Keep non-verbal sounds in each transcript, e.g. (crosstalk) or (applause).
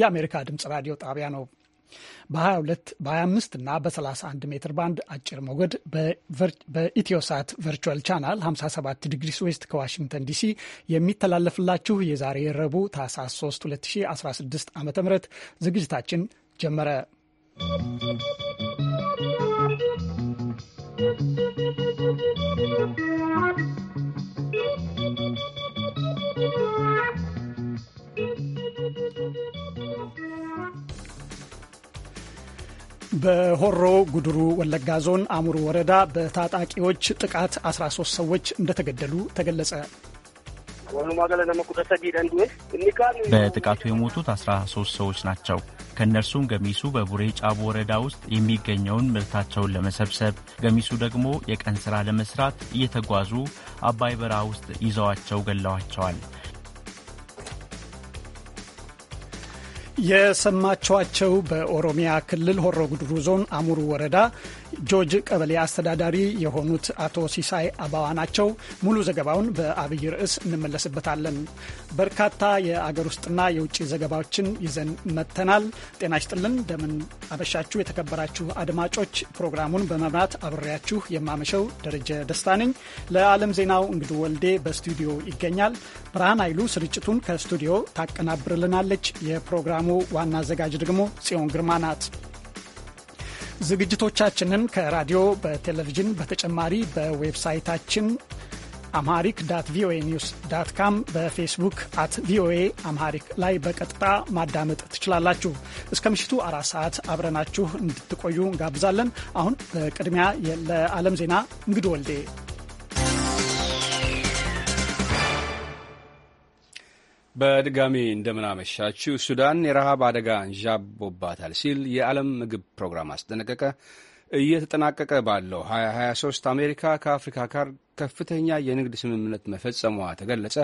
የአሜሪካ ድምፅ ራዲዮ ጣቢያ ነው። በ22 በ25 እና በ31 ሜትር ባንድ አጭር ሞገድ በኢትዮሳት ቨርቹዋል ቻናል 57 ዲግሪ ዌስት ከዋሽንግተን ዲሲ የሚተላለፍላችሁ የዛሬ ረቡዕ ታህሳስ 3 2016 ዓ ም ዝግጅታችን ጀመረ። በሆሮ ጉድሩ ወለጋ ዞን አሙሩ ወረዳ በታጣቂዎች ጥቃት 13 ሰዎች እንደተገደሉ ተገለጸ። በጥቃቱ የሞቱት 13 ሰዎች ናቸው። ከእነርሱም ገሚሱ በቡሬ ጫቦ ወረዳ ውስጥ የሚገኘውን ምርታቸውን ለመሰብሰብ፣ ገሚሱ ደግሞ የቀን ሥራ ለመስራት እየተጓዙ አባይ በረሃ ውስጥ ይዘዋቸው ገለዋቸዋል። የሰማችኋቸው በኦሮሚያ ክልል ሆሮ ጉድሩ ዞን አሙሩ ወረዳ ጆጅ ቀበሌ አስተዳዳሪ የሆኑት አቶ ሲሳይ አባዋ ናቸው። ሙሉ ዘገባውን በአብይ ርዕስ እንመለስበታለን። በርካታ የአገር ውስጥና የውጭ ዘገባዎችን ይዘን መጥተናል። ጤና ይስጥልን፣ እንደምን አመሻችሁ የተከበራችሁ አድማጮች። ፕሮግራሙን በመምራት አብሬያችሁ የማመሸው ደረጀ ደስታ ነኝ። ለዓለም ዜናው እንግዱ ወልዴ በስቱዲዮ ይገኛል። ብርሃን ኃይሉ ስርጭቱን ከስቱዲዮ ታቀናብርልናለች። የፕሮግራሙ ዋና አዘጋጅ ደግሞ ጽዮን ግርማ ናት። ዝግጅቶቻችንን ከራዲዮ በቴሌቪዥን በተጨማሪ በዌብሳይታችን አምሃሪክ ዳት ቪኦኤ ኒውስ ዳት ካም በፌስቡክ አት ቪኦኤ አምሃሪክ ላይ በቀጥታ ማዳመጥ ትችላላችሁ። እስከ ምሽቱ አራት ሰዓት አብረናችሁ እንድትቆዩ እንጋብዛለን። አሁን በቅድሚያ ለዓለም ዜና እንግድ ወልዴ በድጋሚ እንደምናመሻችው ሱዳን የረሃብ አደጋ እንዣቦባታል ሲል የዓለም ምግብ ፕሮግራም አስጠነቀቀ። እየተጠናቀቀ ባለው 2023 አሜሪካ ከአፍሪካ ጋር ከፍተኛ የንግድ ስምምነት መፈጸሟ ተገለጸ።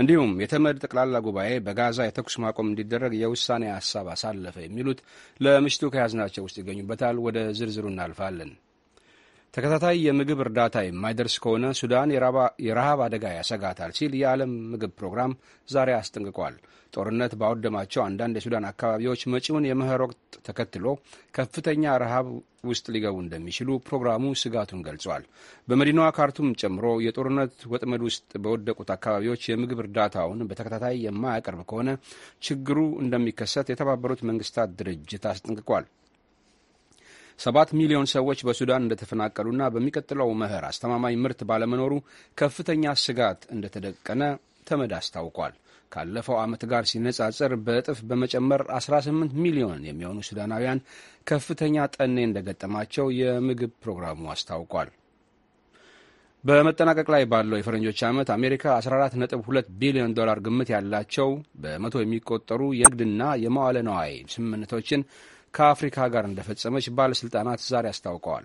እንዲሁም የተመድ ጠቅላላ ጉባኤ በጋዛ የተኩስ ማቆም እንዲደረግ የውሳኔ ሀሳብ አሳለፈ። የሚሉት ለምሽቱ ከያዝናቸው ውስጥ ይገኙበታል። ወደ ዝርዝሩ እናልፋለን። ተከታታይ የምግብ እርዳታ የማይደርስ ከሆነ ሱዳን የረሃብ አደጋ ያሰጋታል ሲል የዓለም ምግብ ፕሮግራም ዛሬ አስጠንቅቋል። ጦርነት ባወደማቸው አንዳንድ የሱዳን አካባቢዎች መጪውን የመኸር ወቅት ተከትሎ ከፍተኛ ረሃብ ውስጥ ሊገቡ እንደሚችሉ ፕሮግራሙ ስጋቱን ገልጿል። በመዲናዋ ካርቱም ጨምሮ የጦርነት ወጥመድ ውስጥ በወደቁት አካባቢዎች የምግብ እርዳታውን በተከታታይ የማያቀርብ ከሆነ ችግሩ እንደሚከሰት የተባበሩት መንግስታት ድርጅት አስጠንቅቋል። ሰባት ሚሊዮን ሰዎች በሱዳን እንደተፈናቀሉና በሚቀጥለው መኸር አስተማማኝ ምርት ባለመኖሩ ከፍተኛ ስጋት እንደተደቀነ ተመድ አስታውቋል። ካለፈው ዓመት ጋር ሲነጻጸር በእጥፍ በመጨመር 18 ሚሊዮን የሚሆኑ ሱዳናውያን ከፍተኛ ጠኔ እንደገጠማቸው የምግብ ፕሮግራሙ አስታውቋል። በመጠናቀቅ ላይ ባለው የፈረንጆች ዓመት አሜሪካ 14.2 ቢሊዮን ዶላር ግምት ያላቸው በመቶ የሚቆጠሩ የንግድና የመዋለ ነዋይ ስምምነቶችን ከአፍሪካ ጋር እንደፈጸመች ባለሥልጣናት ዛሬ አስታውቀዋል።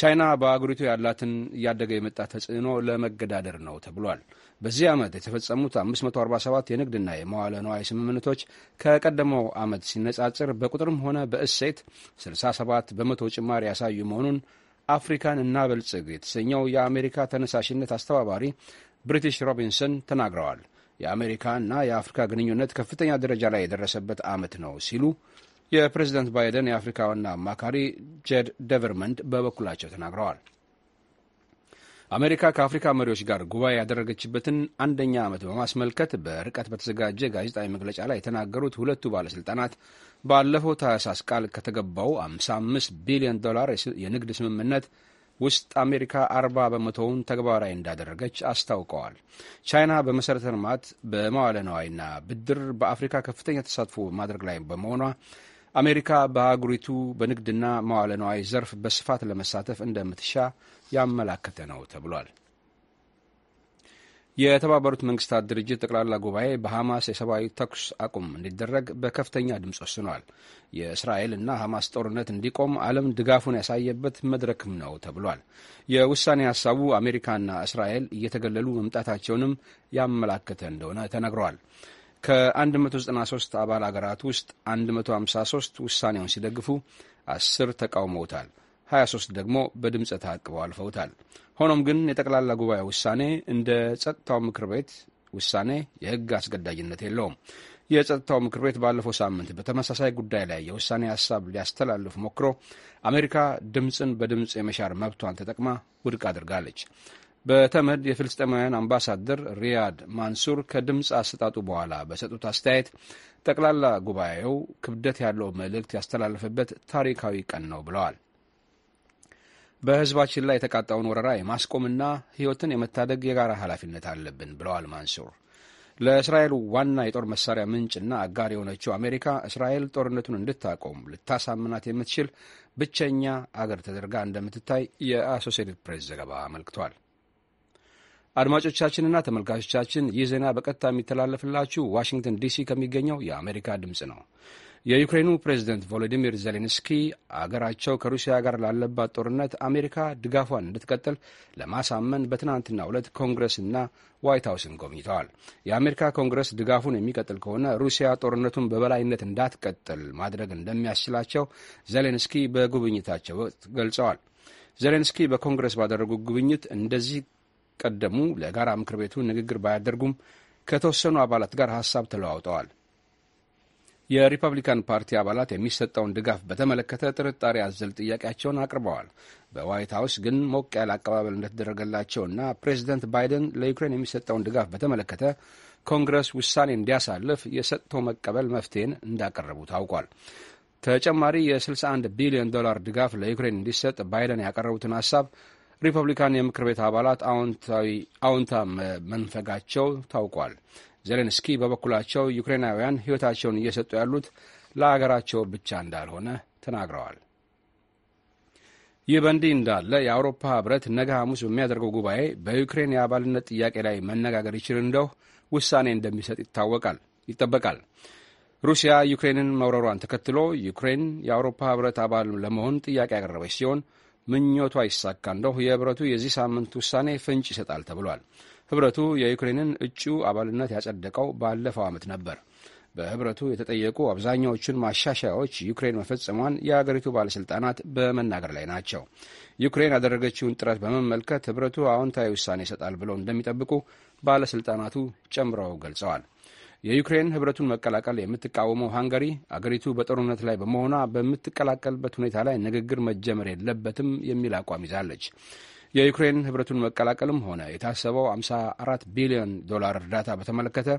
ቻይና በአገሪቱ ያላትን እያደገ የመጣ ተጽዕኖ ለመገዳደር ነው ተብሏል። በዚህ ዓመት የተፈጸሙት 547 የንግድና የመዋለ ነዋይ ስምምነቶች ከቀደመው ዓመት ሲነጻጽር በቁጥርም ሆነ በእሴት 67 በመቶ ጭማሪ ያሳዩ መሆኑን አፍሪካን እናበልጽግ የተሰኘው የአሜሪካ ተነሳሽነት አስተባባሪ ብሪቲሽ ሮቢንሰን ተናግረዋል። የአሜሪካና የአፍሪካ ግንኙነት ከፍተኛ ደረጃ ላይ የደረሰበት ዓመት ነው ሲሉ የፕሬዚዳንት ባይደን የአፍሪካ ዋና አማካሪ ጄድ ደቨርመንድ በበኩላቸው ተናግረዋል። አሜሪካ ከአፍሪካ መሪዎች ጋር ጉባኤ ያደረገችበትን አንደኛ ዓመት በማስመልከት በርቀት በተዘጋጀ ጋዜጣዊ መግለጫ ላይ የተናገሩት ሁለቱ ባለሥልጣናት ባለፈው ታህሳስ ቃል ከተገባው 55 ቢሊዮን ዶላር የንግድ ስምምነት ውስጥ አሜሪካ 40 በመቶውን ተግባራዊ እንዳደረገች አስታውቀዋል። ቻይና በመሠረተ ልማት በመዋለ ነዋይና ብድር በአፍሪካ ከፍተኛ ተሳትፎ ማድረግ ላይ በመሆኗ አሜሪካ በአህጉሪቱ በንግድና መዋለ ነዋይ ዘርፍ በስፋት ለመሳተፍ እንደምትሻ ያመላከተ ነው ተብሏል። የተባበሩት መንግስታት ድርጅት ጠቅላላ ጉባኤ በሐማስ የሰብአዊ ተኩስ አቁም እንዲደረግ በከፍተኛ ድምፅ ወስኗል። የእስራኤልና ሐማስ ጦርነት እንዲቆም ዓለም ድጋፉን ያሳየበት መድረክም ነው ተብሏል። የውሳኔ ሀሳቡ አሜሪካና እስራኤል እየተገለሉ መምጣታቸውንም ያመላከተ እንደሆነ ተነግረዋል። ከ193 አባል አገራት ውስጥ 153 ውሳኔውን ሲደግፉ 10 ተቃውመውታል፣ 23 ደግሞ በድምፀ ተአቅበው አልፈውታል። ሆኖም ግን የጠቅላላ ጉባኤ ውሳኔ እንደ ጸጥታው ምክር ቤት ውሳኔ የሕግ አስገዳጅነት የለውም። የጸጥታው ምክር ቤት ባለፈው ሳምንት በተመሳሳይ ጉዳይ ላይ የውሳኔ ሀሳብ ሊያስተላልፍ ሞክሮ አሜሪካ ድምፅን በድምፅ የመሻር መብቷን ተጠቅማ ውድቅ አድርጋለች። በተመድ የፍልስጤማውያን አምባሳደር ሪያድ ማንሱር ከድምፅ አሰጣጡ በኋላ በሰጡት አስተያየት ጠቅላላ ጉባኤው ክብደት ያለው መልእክት ያስተላለፈበት ታሪካዊ ቀን ነው ብለዋል። በሕዝባችን ላይ የተቃጣውን ወረራ የማስቆምና ሕይወትን የመታደግ የጋራ ኃላፊነት አለብን ብለዋል ማንሱር። ለእስራኤል ዋና የጦር መሳሪያ ምንጭና አጋር የሆነችው አሜሪካ እስራኤል ጦርነቱን እንድታቆም ልታሳምናት የምትችል ብቸኛ አገር ተደርጋ እንደምትታይ የአሶሴትድ ፕሬስ ዘገባ አመልክቷል። አድማጮቻችንና ተመልካቾቻችን ይህ ዜና በቀጥታ የሚተላለፍላችሁ ዋሽንግተን ዲሲ ከሚገኘው የአሜሪካ ድምፅ ነው። የዩክሬኑ ፕሬዝደንት ቮሎዲሚር ዜሌንስኪ አገራቸው ከሩሲያ ጋር ላለባት ጦርነት አሜሪካ ድጋፏን እንድትቀጥል ለማሳመን በትናንትናው ዕለት ኮንግረስና ዋይት ሀውስን ጎብኝተዋል። የአሜሪካ ኮንግረስ ድጋፉን የሚቀጥል ከሆነ ሩሲያ ጦርነቱን በበላይነት እንዳትቀጥል ማድረግ እንደሚያስችላቸው ዜሌንስኪ በጉብኝታቸው ወቅት ገልጸዋል። ዜሌንስኪ በኮንግረስ ባደረጉት ጉብኝት እንደዚህ ቀደሙ ለጋራ ምክር ቤቱ ንግግር ባያደርጉም ከተወሰኑ አባላት ጋር ሀሳብ ተለዋውጠዋል። የሪፐብሊካን ፓርቲ አባላት የሚሰጠውን ድጋፍ በተመለከተ ጥርጣሬ አዘል ጥያቄያቸውን አቅርበዋል። በዋይት ሀውስ ግን ሞቅ ያለ አቀባበል እንደተደረገላቸውና ፕሬዚደንት ባይደን ለዩክሬን የሚሰጠውን ድጋፍ በተመለከተ ኮንግረስ ውሳኔ እንዲያሳልፍ የሰጥቶ መቀበል መፍትሄን እንዳቀረቡ ታውቋል። ተጨማሪ የ61 ቢሊዮን ዶላር ድጋፍ ለዩክሬን እንዲሰጥ ባይደን ያቀረቡትን ሀሳብ ሪፐብሊካን የምክር ቤት አባላት አዎንታ መንፈጋቸው ታውቋል። ዜሌንስኪ በበኩላቸው ዩክሬናውያን ሕይወታቸውን እየሰጡ ያሉት ለአገራቸው ብቻ እንዳልሆነ ተናግረዋል። ይህ በእንዲህ እንዳለ የአውሮፓ ህብረት ነገ ሐሙስ በሚያደርገው ጉባኤ በዩክሬን የአባልነት ጥያቄ ላይ መነጋገር ይችል እንደው ውሳኔ እንደሚሰጥ ይታወቃል ይጠበቃል። ሩሲያ ዩክሬንን መውረሯን ተከትሎ ዩክሬን የአውሮፓ ህብረት አባል ለመሆን ጥያቄ ያቀረበች ሲሆን ምኞቷ ይሳካ እንደሁ የህብረቱ የዚህ ሳምንት ውሳኔ ፍንጭ ይሰጣል ተብሏል። ህብረቱ የዩክሬንን እጩ አባልነት ያጸደቀው ባለፈው ዓመት ነበር። በህብረቱ የተጠየቁ አብዛኛዎቹን ማሻሻያዎች ዩክሬን መፈጸሟን የአገሪቱ ባለሥልጣናት በመናገር ላይ ናቸው። ዩክሬን ያደረገችውን ጥረት በመመልከት ህብረቱ አዎንታዊ ውሳኔ ይሰጣል ብለው እንደሚጠብቁ ባለሥልጣናቱ ጨምረው ገልጸዋል። የዩክሬን ህብረቱን መቀላቀል የምትቃወመው ሃንጋሪ አገሪቱ በጦርነት ላይ በመሆኗ በምትቀላቀልበት ሁኔታ ላይ ንግግር መጀመር የለበትም የሚል አቋም ይዛለች። የዩክሬን ህብረቱን መቀላቀልም ሆነ የታሰበው 54 ቢሊዮን ዶላር እርዳታ በተመለከተ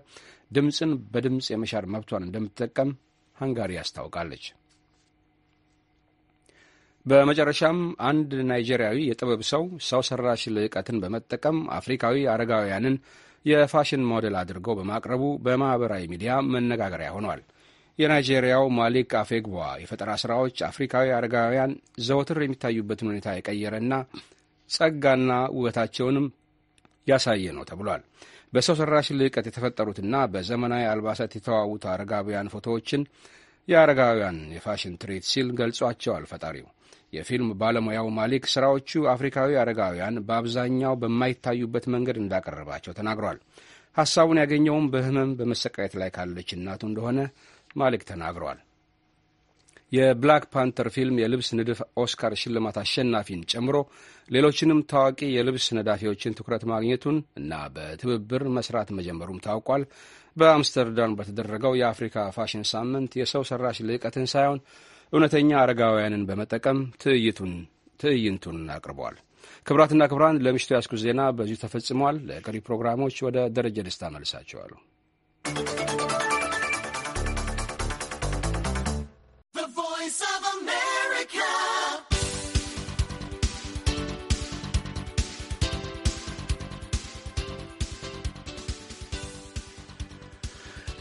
ድምፅን በድምፅ የመሻር መብቷን እንደምትጠቀም ሃንጋሪ አስታውቃለች። በመጨረሻም አንድ ናይጄሪያዊ የጥበብ ሰው ሰው ሰራሽ ልዕቀትን በመጠቀም አፍሪካዊ አረጋውያንን የፋሽን ሞዴል አድርገው በማቅረቡ በማኅበራዊ ሚዲያ መነጋገሪያ ሆኗል። የናይጄሪያው ማሊክ አፌግቧ የፈጠራ ሥራዎች አፍሪካዊ አረጋውያን ዘወትር የሚታዩበትን ሁኔታ የቀየረና ጸጋና ውበታቸውንም ያሳየ ነው ተብሏል። በሰው ሠራሽ ልዕቀት የተፈጠሩትና በዘመናዊ አልባሳት የተዋቡት አረጋውያን ፎቶዎችን የአረጋውያን የፋሽን ትርኢት ሲል ገልጿቸዋል ፈጣሪው። የፊልም ባለሙያው ማሊክ ስራዎቹ አፍሪካዊ አረጋውያን በአብዛኛው በማይታዩበት መንገድ እንዳቀረባቸው ተናግሯል። ሐሳቡን ያገኘውም በህመም በመሰቃየት ላይ ካለች እናቱ እንደሆነ ማሊክ ተናግሯል። የብላክ ፓንተር ፊልም የልብስ ንድፍ ኦስካር ሽልማት አሸናፊን ጨምሮ ሌሎችንም ታዋቂ የልብስ ነዳፊዎችን ትኩረት ማግኘቱን እና በትብብር መስራት መጀመሩም ታውቋል። በአምስተርዳም በተደረገው የአፍሪካ ፋሽን ሳምንት የሰው ሰራሽ ልዕቀትን ሳይሆን እውነተኛ አረጋውያንን በመጠቀም ትዕይንቱን አቅርበዋል። ክብራትና ክብራን ለምሽቱ ያስኩት ዜና በዚሁ ተፈጽሟል። ለቀሪ ፕሮግራሞች ወደ ደረጀ ደስታ መልሳቸዋሉ።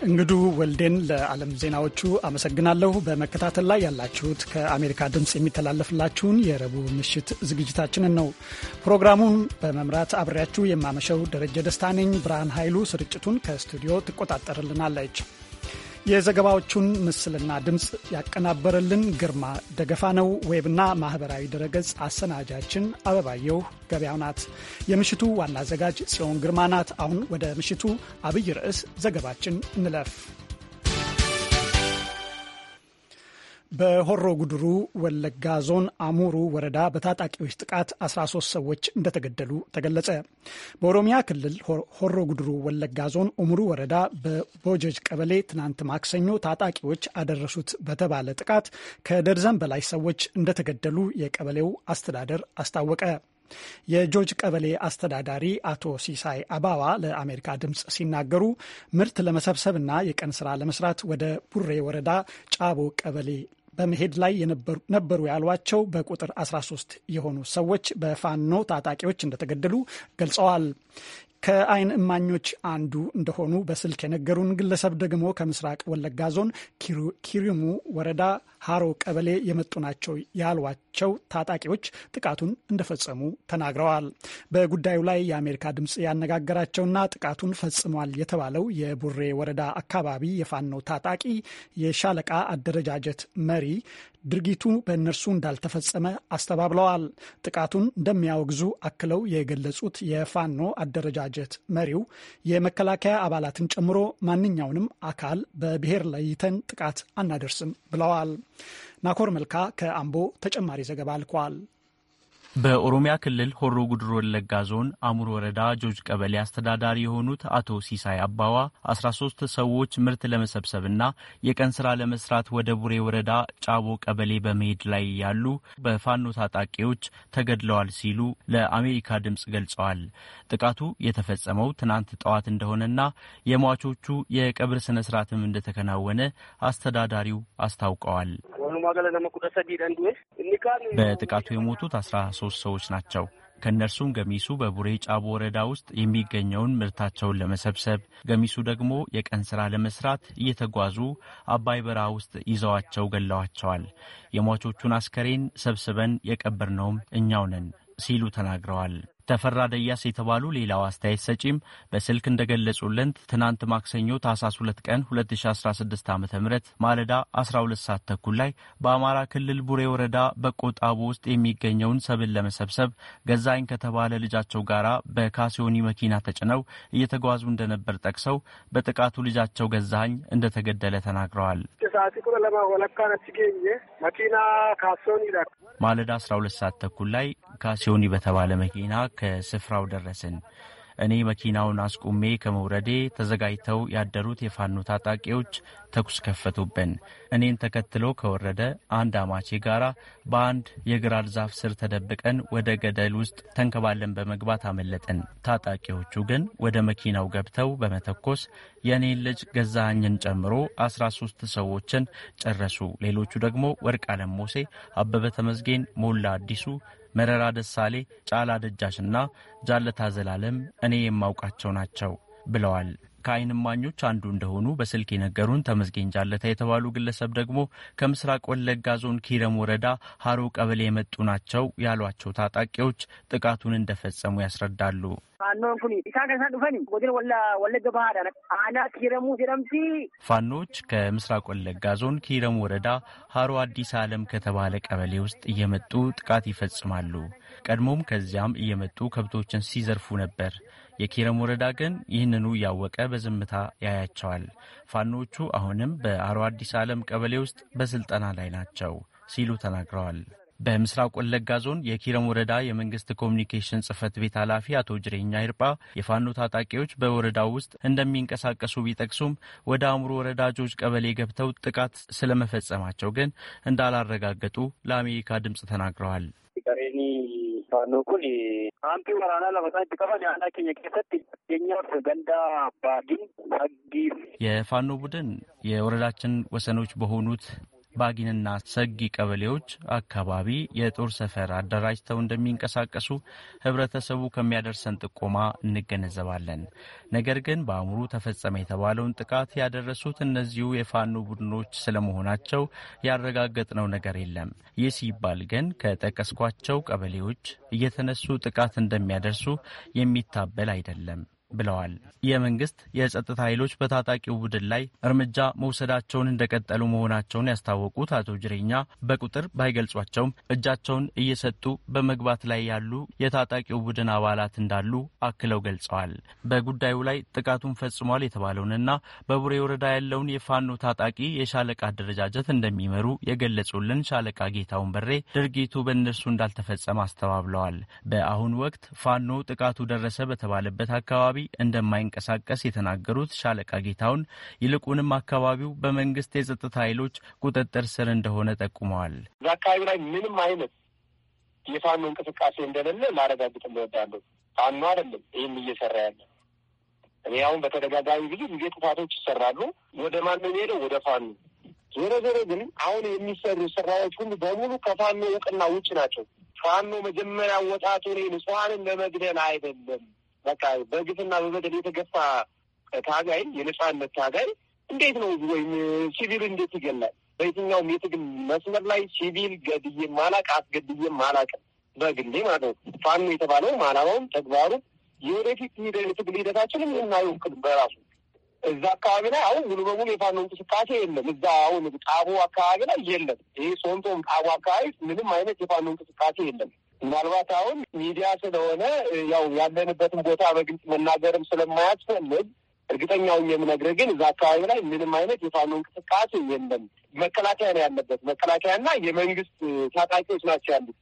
እንግዱ ወልዴን ለዓለም ዜናዎቹ አመሰግናለሁ። በመከታተል ላይ ያላችሁት ከአሜሪካ ድምፅ የሚተላለፍላችሁን የረቡዕ ምሽት ዝግጅታችንን ነው። ፕሮግራሙን በመምራት አብሬያችሁ የማመሸው ደረጀ ደስታ ነኝ። ብርሃን ኃይሉ ስርጭቱን ከስቱዲዮ ትቆጣጠርልናለች። የዘገባዎቹን ምስልና ድምፅ ያቀናበረልን ግርማ ደገፋ ነው። ዌብና ማህበራዊ ድረገጽ አሰናጃችን አበባየሁ ገበያው ናት። የምሽቱ ዋና አዘጋጅ ጽዮን ግርማ ናት። አሁን ወደ ምሽቱ አብይ ርዕስ ዘገባችን እንለፍ። በሆሮ ጉድሩ ወለጋ ዞን አሙሩ ወረዳ በታጣቂዎች ጥቃት 13 ሰዎች እንደተገደሉ ተገለጸ። በኦሮሚያ ክልል ሆሮ ጉድሩ ወለጋ ዞን ኡሙሩ ወረዳ በቦጀጅ ቀበሌ ትናንት ማክሰኞ ታጣቂዎች አደረሱት በተባለ ጥቃት ከደርዘን በላይ ሰዎች እንደተገደሉ የቀበሌው አስተዳደር አስታወቀ። የጆጅ ቀበሌ አስተዳዳሪ አቶ ሲሳይ አባዋ ለአሜሪካ ድምፅ ሲናገሩ ምርት ለመሰብሰብና የቀን ስራ ለመስራት ወደ ቡሬ ወረዳ ጫቦ ቀበሌ በመሄድ ላይ ነበሩ ያሏቸው በቁጥር 13 የሆኑ ሰዎች በፋኖ ታጣቂዎች እንደተገደሉ ገልጸዋል። ከአይን እማኞች አንዱ እንደሆኑ በስልክ የነገሩን ግለሰብ ደግሞ ከምስራቅ ወለጋ ዞን ኪሪሙ ወረዳ ሀሮ ቀበሌ የመጡ ናቸው ያሏቸው ታጣቂዎች ጥቃቱን እንደፈጸሙ ተናግረዋል። በጉዳዩ ላይ የአሜሪካ ድምፅ ያነጋገራቸውና ጥቃቱን ፈጽሟል የተባለው የቡሬ ወረዳ አካባቢ የፋኖ ታጣቂ የሻለቃ አደረጃጀት መሪ ድርጊቱ በእነርሱ እንዳልተፈጸመ አስተባብለዋል። ጥቃቱን እንደሚያወግዙ አክለው የገለጹት የፋኖ አደረጃጀት መሪው የመከላከያ አባላትን ጨምሮ ማንኛውንም አካል በብሔር ለይተን ጥቃት አናደርስም ብለዋል። ናኮር መልካ ከአምቦ ተጨማሪ ዘገባ ልኳል። በኦሮሚያ ክልል ሆሮ ጉድሮ ወለጋ ዞን አሙር ወረዳ ጆጅ ቀበሌ አስተዳዳሪ የሆኑት አቶ ሲሳይ አባዋ 13 ሰዎች ምርት ለመሰብሰብና የቀን ስራ ለመስራት ወደ ቡሬ ወረዳ ጫቦ ቀበሌ በመሄድ ላይ ያሉ በፋኖ ታጣቂዎች ተገድለዋል ሲሉ ለአሜሪካ ድምፅ ገልጸዋል። ጥቃቱ የተፈጸመው ትናንት ጠዋት እንደሆነና የሟቾቹ የቀብር ስነ ስርዓትም እንደተከናወነ አስተዳዳሪው አስታውቀዋል። በጥቃቱ የሞቱት አስራ ሦስት ሰዎች ናቸው። ከእነርሱም ገሚሱ በቡሬ ጫቦ ወረዳ ውስጥ የሚገኘውን ምርታቸውን ለመሰብሰብ ገሚሱ ደግሞ የቀን ሥራ ለመስራት እየተጓዙ አባይ በረሃ ውስጥ ይዘዋቸው ገለዋቸዋል። የሟቾቹን አስከሬን ሰብስበን የቀበርነውም እኛው ነን ሲሉ ተናግረዋል። ተፈራ ደያስ የተባሉ ሌላው አስተያየት ሰጪም በስልክ እንደገለጹልን ትናንት ማክሰኞ ታህሳስ 2 ቀን 2016 ዓ ም ማለዳ 12 ሰዓት ተኩል ላይ በአማራ ክልል ቡሬ ወረዳ በቆጣቡ ውስጥ የሚገኘውን ሰብል ለመሰብሰብ ገዛኝ ከተባለ ልጃቸው ጋር በካሲዮኒ መኪና ተጭነው እየተጓዙ እንደነበር ጠቅሰው በጥቃቱ ልጃቸው ገዛኝ እንደተገደለ ተናግረዋል። ማለዳ 12 ሰዓት ተኩል ላይ ካሲዮኒ በተባለ መኪና ከስፍራው ደረስን። እኔ መኪናውን አስቁሜ ከመውረዴ ተዘጋጅተው ያደሩት የፋኖ ታጣቂዎች ተኩስ ከፈቱብን። እኔን ተከትሎ ከወረደ አንድ አማቼ ጋራ በአንድ የግራር ዛፍ ስር ተደብቀን ወደ ገደል ውስጥ ተንከባለን በመግባት አመለጥን። ታጣቂዎቹ ግን ወደ መኪናው ገብተው በመተኮስ የእኔን ልጅ ገዛኸኝን ጨምሮ አስራ ሶስት ሰዎችን ጨረሱ። ሌሎቹ ደግሞ ወርቅ አለም ሞሴ፣ አበበ ተመዝጌን፣ ሞላ አዲሱ መረራ ደሳሌ፣ ጫላ ደጃሽና ጃለታ ዘላለም እኔ የማውቃቸው ናቸው ብለዋል። ከአይን እማኞች አንዱ እንደሆኑ በስልክ የነገሩን ተመስገን ጃለታ የተባሉ ግለሰብ ደግሞ ከምስራቅ ወለጋ ዞን ኪረም ወረዳ ሀሮ ቀበሌ የመጡ ናቸው ያሏቸው ታጣቂዎች ጥቃቱን እንደፈጸሙ ያስረዳሉ። ፋኖች ከምስራቅ ወለጋ ዞን ኪረም ወረዳ ሀሮ አዲስ አለም ከተባለ ቀበሌ ውስጥ እየመጡ ጥቃት ይፈጽማሉ። ቀድሞም ከዚያም እየመጡ ከብቶችን ሲዘርፉ ነበር። የኪረም ወረዳ ግን ይህንኑ እያወቀ በዝምታ ያያቸዋል። ፋኖቹ አሁንም በአሮ አዲስ ዓለም ቀበሌ ውስጥ በስልጠና ላይ ናቸው ሲሉ ተናግረዋል። በምስራቅ ወለጋ ዞን የኪረም ወረዳ የመንግስት ኮሚኒኬሽን ጽህፈት ቤት ኃላፊ አቶ ጅሬኛ ይርጳ የፋኖ ታጣቂዎች በወረዳው ውስጥ እንደሚንቀሳቀሱ ቢጠቅሱም ወደ አእምሮ ወረዳጆች ቀበሌ ገብተው ጥቃት ስለመፈጸማቸው ግን እንዳላረጋገጡ ለአሜሪካ ድምፅ ተናግረዋል። Naannoon kun haampii eh, waraanaa lafa itti qaban aanaa keenya keessatti fakkeenyaaf gandaa baadii haggii የፋኖ ቡድን የወረዳችን ወሰኖች በሆኑት ባጊንና ሰጊ ቀበሌዎች አካባቢ የጦር ሰፈር አደራጅተው እንደሚንቀሳቀሱ ህብረተሰቡ ከሚያደርሰን ጥቆማ እንገነዘባለን። ነገር ግን በአእምሩ ተፈጸመ የተባለውን ጥቃት ያደረሱት እነዚሁ የፋኖ ቡድኖች ስለመሆናቸው ያረጋገጥነው ነገር የለም። ይህ ሲባል ግን ከጠቀስኳቸው ቀበሌዎች እየተነሱ ጥቃት እንደሚያደርሱ የሚታበል አይደለም። ብለዋል። የመንግስት የጸጥታ ኃይሎች በታጣቂው ቡድን ላይ እርምጃ መውሰዳቸውን እንደቀጠሉ መሆናቸውን ያስታወቁት አቶ ጅሬኛ በቁጥር ባይገልጿቸውም እጃቸውን እየሰጡ በመግባት ላይ ያሉ የታጣቂው ቡድን አባላት እንዳሉ አክለው ገልጸዋል። በጉዳዩ ላይ ጥቃቱን ፈጽሟል የተባለውንና በቡሬ ወረዳ ያለውን የፋኖ ታጣቂ የሻለቃ አደረጃጀት እንደሚመሩ የገለጹልን ሻለቃ ጌታውን በሬ ድርጊቱ በእነርሱ እንዳልተፈጸመ አስተባብለዋል። በአሁኑ ወቅት ፋኖ ጥቃቱ ደረሰ በተባለበት አካባቢ አካባቢ እንደማይንቀሳቀስ የተናገሩት ሻለቃ ጌታውን ይልቁንም አካባቢው በመንግስት የጸጥታ ኃይሎች ቁጥጥር ስር እንደሆነ ጠቁመዋል። እዛ አካባቢ ላይ ምንም አይነት የፋኖ እንቅስቃሴ እንደሌለ ማረጋግጥ እንወዳለሁ። ፋኖ አይደለም ይህም እየሰራ ያለ። እኔ አሁን በተደጋጋሚ ብዙ ጊዜ ጥፋቶች ይሰራሉ። ወደ ማን ነው የሚሄደው? ወደ ፋኖ። ዞሮ ዞሮ ግን አሁን የሚሰሩ ስራዎች ሁሉ በሙሉ ከፋኖ እውቅና ውጭ ናቸው። ፋኖ መጀመሪያ ወጣቱ እኔ ንጹሐንን ለመግደል አይደለም በቃ በግፍና በበደል የተገፋ ታጋይ የነጻነት ታጋይ እንዴት ነው ወይም ሲቪል እንዴት ይገላል? በየትኛውም የትግል መስመር ላይ ሲቪል ገድዬ ማላቅ አስገድዬም ማላቅ በግሌ ማለት ነው። ፋኖ የተባለውም አላማውም ተግባሩ የወደፊት የትግል ሂደታችንም እናይውቅል በራሱ እዛ አካባቢ ላይ አሁን ሙሉ በሙሉ የፋኖ እንቅስቃሴ የለም። እዛ አሁን ጣቦ አካባቢ ላይ የለም። ይህ ሶንቶም ጣቦ አካባቢ ምንም አይነት የፋኖ እንቅስቃሴ የለም። ምናልባት አሁን ሚዲያ ስለሆነ ያው ያለንበትን ቦታ በግልጽ መናገርም ስለማያስፈልግ እርግጠኛው የምነግር ግን እዛ አካባቢ ላይ ምንም አይነት የፋኖ እንቅስቃሴ የለም። መከላከያ ነው ያለበት። መከላከያና የመንግስት ታጣቂዎች ናቸው ያሉት፣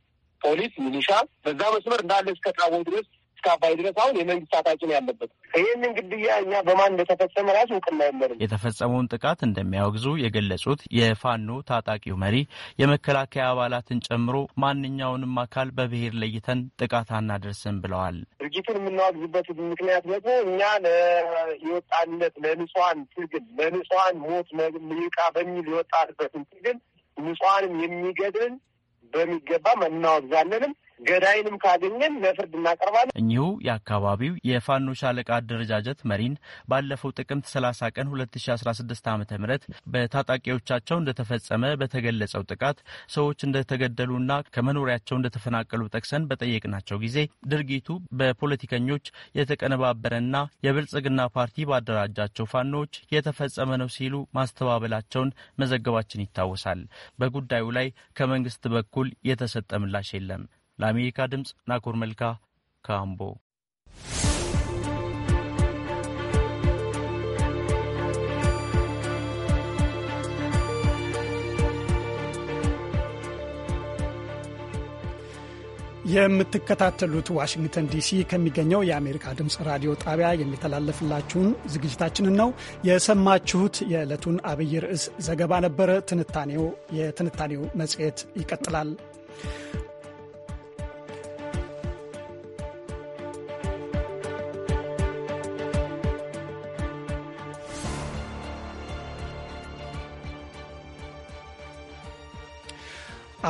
ፖሊስ፣ ሚሊሻ በዛ መስመር እንዳለ እስከ ታቦ ድረስ እስካባይ ድረስ አሁን የመንግስት አታጭ ነው ያለበት። ይህንን ግድያ እኛ በማን እንደተፈጸመ ራሱ እውቅና የለንም። የተፈጸመውን ጥቃት እንደሚያወግዙ የገለጹት የፋኖ ታጣቂው መሪ የመከላከያ አባላትን ጨምሮ ማንኛውንም አካል በብሔር ለይተን ጥቃት አናደርስም ብለዋል። ድርጊቱን የምናወግዝበት ምክንያት ደግሞ እኛ ለወጣነት ለንጹሀን ትግል ለንጹሀን ሞት ልቃ በሚል የወጣንበትን ትግል ንጹሀንም የሚገድልን በሚገባም እናወግዛለንም ገዳይንም ካገኘን ለፍርድ እናቀርባለን። እኚሁ የአካባቢው የፋኖ ሻለቃ አደረጃጀት መሪን ባለፈው ጥቅምት 30 ቀን 2016 ዓ ም በታጣቂዎቻቸው እንደተፈጸመ በተገለጸው ጥቃት ሰዎች እንደተገደሉና ከመኖሪያቸው እንደተፈናቀሉ ጠቅሰን በጠየቅናቸው ጊዜ ድርጊቱ በፖለቲከኞች የተቀነባበረና የብልጽግና ፓርቲ ባደራጃቸው ፋኖዎች የተፈጸመ ነው ሲሉ ማስተባበላቸውን መዘገባችን ይታወሳል። በጉዳዩ ላይ ከመንግስት በኩል የተሰጠ ምላሽ የለም። ለአሜሪካ ድምፅ ናኮር መልካ ካምቦ የምትከታተሉት ዋሽንግተን ዲሲ ከሚገኘው የአሜሪካ ድምፅ ራዲዮ ጣቢያ የሚተላለፍላችሁን ዝግጅታችንን ነው የሰማችሁት። የዕለቱን አብይ ርዕስ ዘገባ ነበረ። ትንታኔው የትንታኔው መጽሔት ይቀጥላል።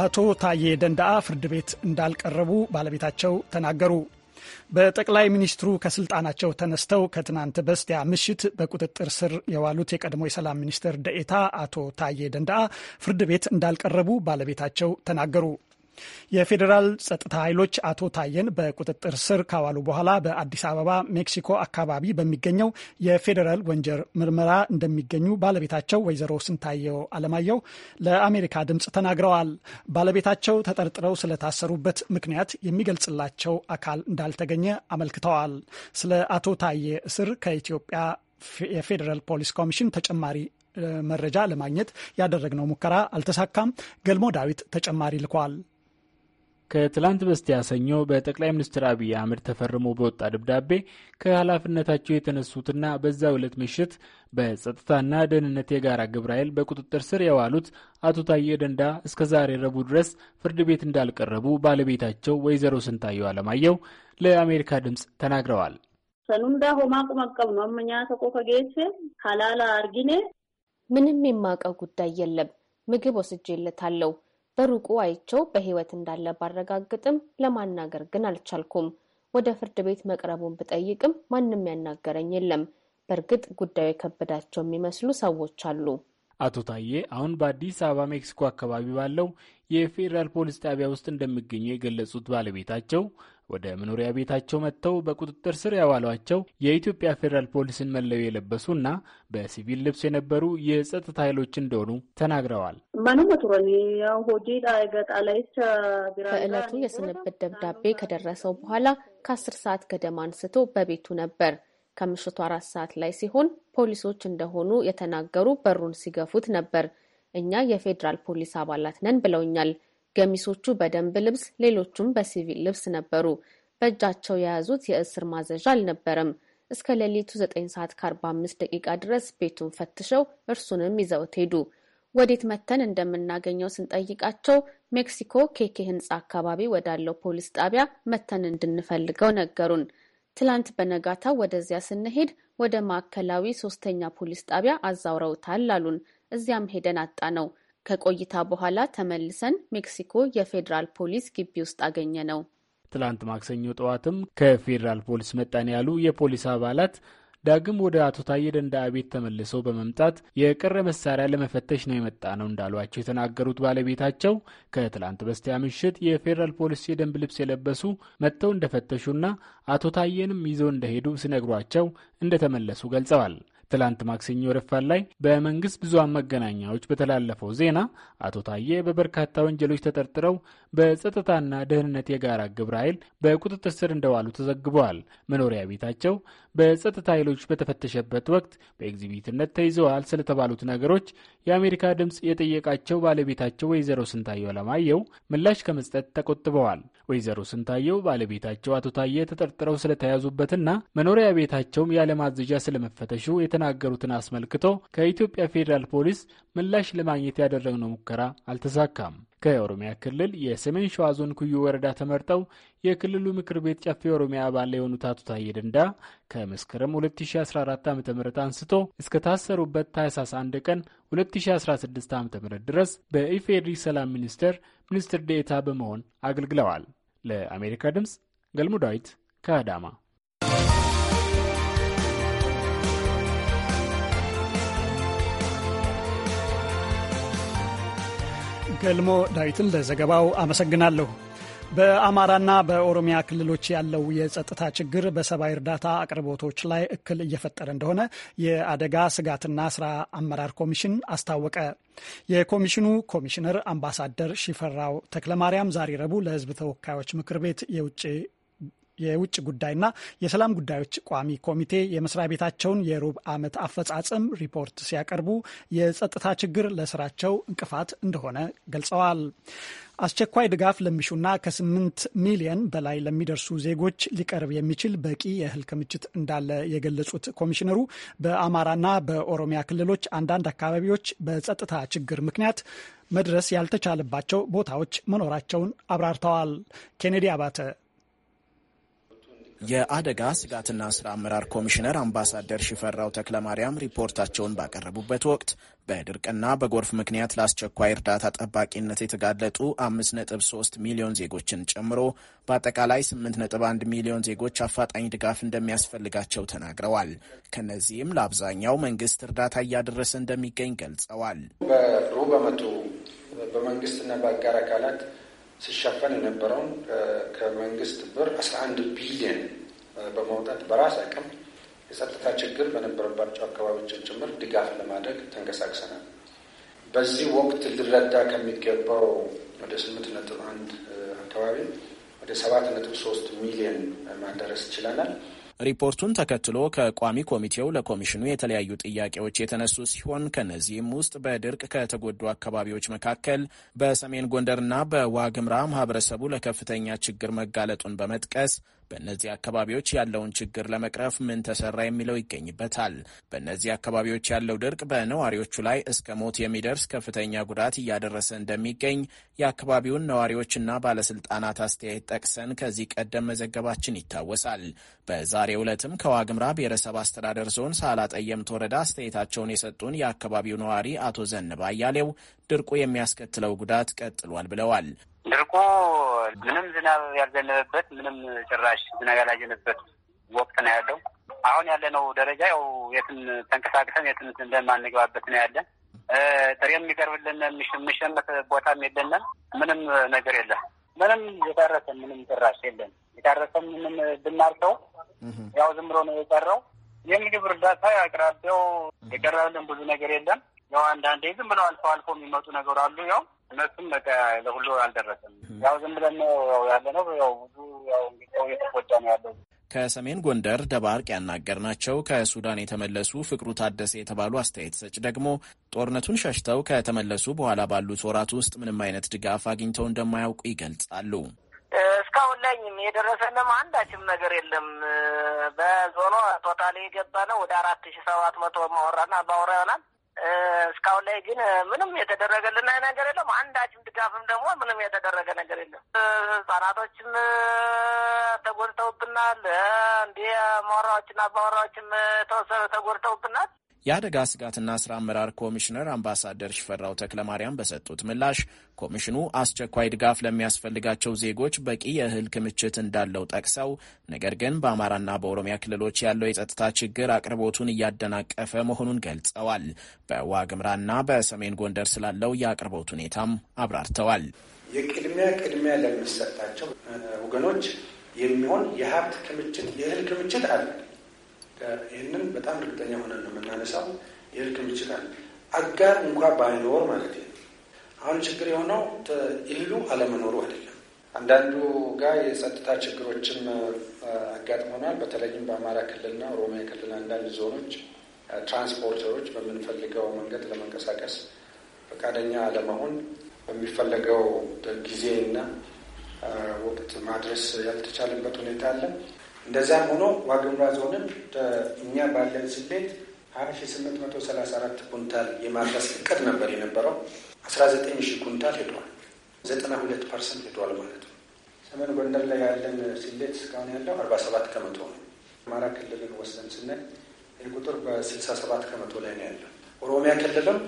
አቶ ታዬ ደንዳአ ፍርድ ቤት እንዳልቀረቡ ባለቤታቸው ተናገሩ። በጠቅላይ ሚኒስትሩ ከስልጣናቸው ተነስተው ከትናንት በስቲያ ምሽት በቁጥጥር ስር የዋሉት የቀድሞ የሰላም ሚኒስትር ደኤታ አቶ ታዬ ደንዳአ ፍርድ ቤት እንዳልቀረቡ ባለቤታቸው ተናገሩ። የፌዴራል ጸጥታ ኃይሎች አቶ ታየን በቁጥጥር ስር ካዋሉ በኋላ በአዲስ አበባ ሜክሲኮ አካባቢ በሚገኘው የፌዴራል ወንጀር ምርመራ እንደሚገኙ ባለቤታቸው ወይዘሮ ስንታየው አለማየሁ ለአሜሪካ ድምፅ ተናግረዋል። ባለቤታቸው ተጠርጥረው ስለታሰሩበት ምክንያት የሚገልጽላቸው አካል እንዳልተገኘ አመልክተዋል። ስለ አቶ ታየ እስር ከኢትዮጵያ የፌዴራል ፖሊስ ኮሚሽን ተጨማሪ መረጃ ለማግኘት ያደረግነው ሙከራ አልተሳካም። ገልሞ ዳዊት ተጨማሪ ልኳል። ከትላንት በስቲያ ሰኞ በጠቅላይ ሚኒስትር አብይ አህመድ ተፈርሞ በወጣ ደብዳቤ ከኃላፊነታቸው የተነሱትና በዛ ዕለት ምሽት በጸጥታና ደህንነት የጋራ ግብረ ኃይል በቁጥጥር ስር የዋሉት አቶ ታዬ ደንዳ እስከ ዛሬ ረቡዕ ድረስ ፍርድ ቤት እንዳልቀረቡ ባለቤታቸው ወይዘሮ ስንታየው አለማየው ለአሜሪካ ድምፅ ተናግረዋል። ሰኑንዳ ሆማቁም አቀብ ነው ተቆ ከጌች ካላላ አርጊኔ ምንም የማውቀው ጉዳይ የለም። ምግብ ወስጄለታለሁ። በሩቁ አይቸው በህይወት እንዳለ ባረጋግጥም ለማናገር ግን አልቻልኩም። ወደ ፍርድ ቤት መቅረቡን ብጠይቅም ማንም ያናገረኝ የለም። በእርግጥ ጉዳዩ የከበዳቸው የሚመስሉ ሰዎች አሉ። አቶ ታዬ አሁን በአዲስ አበባ ሜክሲኮ አካባቢ ባለው የፌዴራል ፖሊስ ጣቢያ ውስጥ እንደሚገኙ የገለጹት ባለቤታቸው ወደ መኖሪያ ቤታቸው መጥተው በቁጥጥር ስር ያዋሏቸው የኢትዮጵያ ፌዴራል ፖሊስን መለዮ የለበሱና በሲቪል ልብስ የነበሩ የጸጥታ ኃይሎች እንደሆኑ ተናግረዋል። በዕለቱ የስንብት ደብዳቤ ከደረሰው በኋላ ከአስር ሰዓት ገደማ አንስቶ በቤቱ ነበር። ከምሽቱ አራት ሰዓት ላይ ሲሆን ፖሊሶች እንደሆኑ የተናገሩ በሩን ሲገፉት ነበር። እኛ የፌዴራል ፖሊስ አባላት ነን ብለውኛል። ገሚሶቹ በደንብ ልብስ፣ ሌሎቹም በሲቪል ልብስ ነበሩ። በእጃቸው የያዙት የእስር ማዘዣ አልነበረም። እስከ ሌሊቱ 9 ሰዓት ከ45 ደቂቃ ድረስ ቤቱን ፈትሸው እርሱንም ይዘውት ሄዱ። ወዴት መተን እንደምናገኘው ስንጠይቃቸው ሜክሲኮ ኬኬ ህንፃ አካባቢ ወዳለው ፖሊስ ጣቢያ መተን እንድንፈልገው ነገሩን። ትላንት በነጋታው ወደዚያ ስንሄድ ወደ ማዕከላዊ ሶስተኛ ፖሊስ ጣቢያ አዛውረውታል አሉን። እዚያም ሄደን አጣ ነው። ከቆይታ በኋላ ተመልሰን ሜክሲኮ የፌዴራል ፖሊስ ግቢ ውስጥ አገኘ ነው። ትላንት ማክሰኞ ጠዋትም ከፌዴራል ፖሊስ መጣን ያሉ የፖሊስ አባላት ዳግም ወደ አቶ ታዬ ደንዳ ቤት ተመልሰው በመምጣት የቀረ መሳሪያ ለመፈተሽ ነው የመጣ ነው እንዳሏቸው የተናገሩት ባለቤታቸው ከትላንት በስቲያ ምሽት የፌዴራል ፖሊስ የደንብ ልብስ የለበሱ መጥተው እንደፈተሹና አቶ ታዬንም ይዘው እንደሄዱ ሲነግሯቸው እንደተመለሱ ገልጸዋል። ትላንት ማክሰኞ ረፋድ ላይ በመንግስት ብዙሃን መገናኛዎች በተላለፈው ዜና አቶ ታዬ በበርካታ ወንጀሎች ተጠርጥረው በጸጥታና ደህንነት የጋራ ግብረ ኃይል በቁጥጥር ስር እንደዋሉ ተዘግበዋል። መኖሪያ ቤታቸው በጸጥታ ኃይሎች በተፈተሸበት ወቅት በኤግዚቢትነት ተይዘዋል ስለተባሉት ነገሮች የአሜሪካ ድምፅ የጠየቃቸው ባለቤታቸው ወይዘሮ ስንታየው አለማየሁ ምላሽ ከመስጠት ተቆጥበዋል። ወይዘሮ ስንታየው ባለቤታቸው አቶ ታየ ተጠርጥረው ስለተያዙበትና መኖሪያ ቤታቸውም ያለማዘዣ ስለመፈተሹ የተናገሩትን አስመልክቶ ከኢትዮጵያ ፌዴራል ፖሊስ ምላሽ ለማግኘት ያደረግነው ሙከራ አልተሳካም። ከኦሮሚያ ክልል የሰሜን ሸዋ ዞን ኩዩ ወረዳ ተመርጠው የክልሉ ምክር ቤት ጨፌ ኦሮሚያ አባል የሆኑት አቶ ታዬ ደንዳ ከመስከረም 2014 ዓ ም አንስቶ እስከ ታሰሩበት ታህሳስ 1 ቀን 2016 ዓ ም ድረስ በኢፌዴሪ ሰላም ሚኒስቴር ሚኒስትር ዴኤታ በመሆን አገልግለዋል። ለአሜሪካ ድምፅ ገልሙ ዳዊት ከአዳማ ገልሞ ዳዊትን ለዘገባው አመሰግናለሁ። በአማራና በኦሮሚያ ክልሎች ያለው የጸጥታ ችግር በሰብአዊ እርዳታ አቅርቦቶች ላይ እክል እየፈጠረ እንደሆነ የአደጋ ስጋትና ስራ አመራር ኮሚሽን አስታወቀ። የኮሚሽኑ ኮሚሽነር አምባሳደር ሺፈራው ተክለማርያም ዛሬ ረቡዕ ለሕዝብ ተወካዮች ምክር ቤት የውጭ የውጭ ጉዳይና የሰላም ጉዳዮች ቋሚ ኮሚቴ የመስሪያ ቤታቸውን የሩብ ዓመት አፈጻጸም ሪፖርት ሲያቀርቡ የጸጥታ ችግር ለስራቸው እንቅፋት እንደሆነ ገልጸዋል። አስቸኳይ ድጋፍ ለሚሹና ከስምንት ሚሊየን በላይ ለሚደርሱ ዜጎች ሊቀርብ የሚችል በቂ የእህል ክምችት እንዳለ የገለጹት ኮሚሽነሩ በአማራና በኦሮሚያ ክልሎች አንዳንድ አካባቢዎች በጸጥታ ችግር ምክንያት መድረስ ያልተቻለባቸው ቦታዎች መኖራቸውን አብራርተዋል። ኬኔዲ አባተ የአደጋ ስጋትና ስራ አመራር ኮሚሽነር አምባሳደር ሽፈራው ተክለማርያም ሪፖርታቸውን ባቀረቡበት ወቅት በድርቅና በጎርፍ ምክንያት ለአስቸኳይ እርዳታ ጠባቂነት የተጋለጡ 5.3 ሚሊዮን ዜጎችን ጨምሮ በአጠቃላይ 8.1 ሚሊዮን ዜጎች አፋጣኝ ድጋፍ እንደሚያስፈልጋቸው ተናግረዋል። ከነዚህም ለአብዛኛው መንግስት እርዳታ እያደረሰ እንደሚገኝ ገልጸዋል። በድሮ በመቶ በመንግስትና በአጋር አካላት ሲሸፈን የነበረውን ከመንግስት ብር አስራ አንድ ቢሊየን በማውጣት በራስ አቅም የጸጥታ ችግር በነበረባቸው አካባቢዎችን ጭምር ድጋፍ ለማድረግ ተንቀሳቅሰናል። በዚህ ወቅት ሊረዳ ከሚገባው ወደ ስምንት ነጥብ አንድ አካባቢ ወደ ሰባት ነጥብ ሶስት ሚሊየን ማደረስ ችለናል። ሪፖርቱን ተከትሎ ከቋሚ ኮሚቴው ለኮሚሽኑ የተለያዩ ጥያቄዎች የተነሱ ሲሆን ከነዚህም ውስጥ በድርቅ ከተጎዱ አካባቢዎች መካከል በሰሜን ጎንደርና በዋግምራ ማህበረሰቡ ለከፍተኛ ችግር መጋለጡን በመጥቀስ በእነዚህ አካባቢዎች ያለውን ችግር ለመቅረፍ ምን ተሰራ የሚለው ይገኝበታል። በእነዚህ አካባቢዎች ያለው ድርቅ በነዋሪዎቹ ላይ እስከ ሞት የሚደርስ ከፍተኛ ጉዳት እያደረሰ እንደሚገኝ የአካባቢውን ነዋሪዎችና ባለስልጣናት አስተያየት ጠቅሰን ከዚህ ቀደም መዘገባችን ይታወሳል። በዛሬ ዕለትም ከዋግምራ ብሔረሰብ አስተዳደር ዞን ሳላ ጠየምት ወረዳ አስተያየታቸውን የሰጡን የአካባቢው ነዋሪ አቶ ዘንባ አያሌው ድርቁ የሚያስከትለው ጉዳት ቀጥሏል ብለዋል። ድርቁ ምንም ዝናብ ያልዘነበበት ምንም ጭራሽ ዝናብ ያላዘነበት ወቅት ነው ያለው። አሁን ያለነው ደረጃ ያው የትም ተንቀሳቅሰን የትም እንደማንገባበት ነው ያለን። ጥሬ የሚቀርብልን የሚሸመት ቦታም የለንም። ምንም ነገር የለም። ምንም የታረሰ ምንም ጭራሽ የለን። የታረሰ ምንም ብናርሰው ያው ዝም ብሎ ነው የቀረው። የምግብ እርዳታ አቅራቢያው የቀረብልን ብዙ ነገር የለም። ያው አንዳንዴ ዝም ብለው አልፎ አልፎ የሚመጡ ነገር አሉ ያው እነሱም በቃ ለሁሉ አልደረሰም። ያው ዝም ብለን ያለ ነው። ያው ብዙ ያው ሰው እየተጎዳ ነው ያለው። ከሰሜን ጎንደር ደባርቅ ያናገርናቸው ከሱዳን የተመለሱ ፍቅሩ ታደሰ የተባሉ አስተያየት ሰጭ ደግሞ ጦርነቱን ሸሽተው ከተመለሱ በኋላ ባሉት ወራት ውስጥ ምንም አይነት ድጋፍ አግኝተው እንደማያውቁ ይገልጻሉ። እስካሁን ላይም የደረሰንም አንዳችም ነገር የለም። በዞኖ ቶታል የገባ ነው ወደ አራት ሺ ሰባት መቶ ማወራና ባወራ ይሆናል እስካሁን ላይ ግን ምንም የተደረገልን ነገር የለም። አንዳችም ድጋፍም ደግሞ ምንም የተደረገ ነገር የለም። ህጻናቶችም ተጎድተውብናል። እንዲህ ማወራዎችና አባወራዎችም ተወሰኑ ተጎድተውብናል። የአደጋ ስጋትና ስራ አመራር ኮሚሽነር አምባሳደር ሽፈራው ተክለማርያም በሰጡት ምላሽ ኮሚሽኑ አስቸኳይ ድጋፍ ለሚያስፈልጋቸው ዜጎች በቂ የእህል ክምችት እንዳለው ጠቅሰው ነገር ግን በአማራና በኦሮሚያ ክልሎች ያለው የጸጥታ ችግር አቅርቦቱን እያደናቀፈ መሆኑን ገልጸዋል። በዋግምራና በሰሜን ጎንደር ስላለው የአቅርቦት ሁኔታም አብራርተዋል። የቅድሚያ ቅድሚያ ለሚሰጣቸው ወገኖች የሚሆን የሀብት ክምችት የእህል ክምችት አለ። ይህንን በጣም እርግጠኛ ሆነን ነው የምናነሳው። የእህል ክምችት አለ። አጋር እንኳ ባይኖር ማለት ነው አሁን ችግር የሆነው እህሉ አለመኖሩ አይደለም። አንዳንዱ ጋር የጸጥታ ችግሮችም አጋጥመናል። በተለይም በአማራ ክልልና ኦሮሚያ ክልል አንዳንድ ዞኖች ትራንስፖርተሮች በምንፈልገው መንገድ ለመንቀሳቀስ ፈቃደኛ አለመሆን በሚፈለገው ጊዜና ወቅት ማድረስ ያልተቻለበት ሁኔታ አለ። እንደዚያም ሆኖ ዋግምራ ዞንም እኛ ባለን ስሌት አንድ ሺ መቶ ሰላሳ አራት ኩንታል የማድረስ እቅድ ነበር የነበረው 19 ሺህ ኩንታል ሄደዋል። 92 ፐርሰንት ሄደዋል ማለት ነው። ሰሜን ጎንደር ላይ ያለን ስሌት እስካሁን ያለው 47 ከመቶ ነው። አማራ ክልልን ወስደን ስናይ ይህ ቁጥር በ67 ከመቶ ላይ ነው ያለው። ኦሮሚያ ክልልም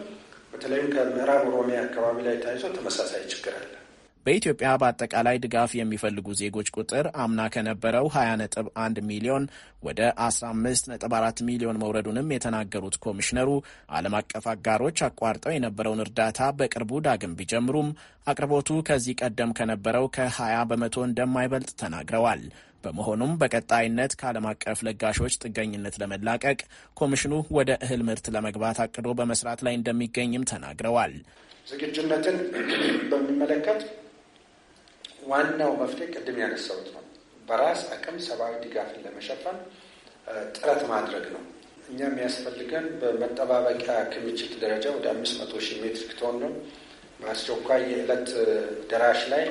በተለይም ከምዕራብ ኦሮሚያ አካባቢ ላይ ታይዞ ተመሳሳይ ችግር አለ። በኢትዮጵያ በአጠቃላይ ድጋፍ የሚፈልጉ ዜጎች ቁጥር አምና ከነበረው 20.1 ሚሊዮን ወደ 15.4 ሚሊዮን መውረዱንም የተናገሩት ኮሚሽነሩ ዓለም አቀፍ አጋሮች አቋርጠው የነበረውን እርዳታ በቅርቡ ዳግም ቢጀምሩም አቅርቦቱ ከዚህ ቀደም ከነበረው ከ20 በመቶ እንደማይበልጥ ተናግረዋል። በመሆኑም በቀጣይነት ከዓለም አቀፍ ለጋሾች ጥገኝነት ለመላቀቅ ኮሚሽኑ ወደ እህል ምርት ለመግባት አቅዶ በመስራት ላይ እንደሚገኝም ተናግረዋል። ዝግጁነትን በሚመለከት ዋናው መፍትሄ ቅድም ያነሳሁት ነው። በራስ አቅም ሰብአዊ ድጋፍን ለመሸፈን ጥረት ማድረግ ነው። እኛ የሚያስፈልገን በመጠባበቂያ ክምችት ደረጃ ወደ አምስት መቶ ሺህ ሜትሪክ ቶን ነው። በአስቸኳይ የዕለት ደራሽ ላይ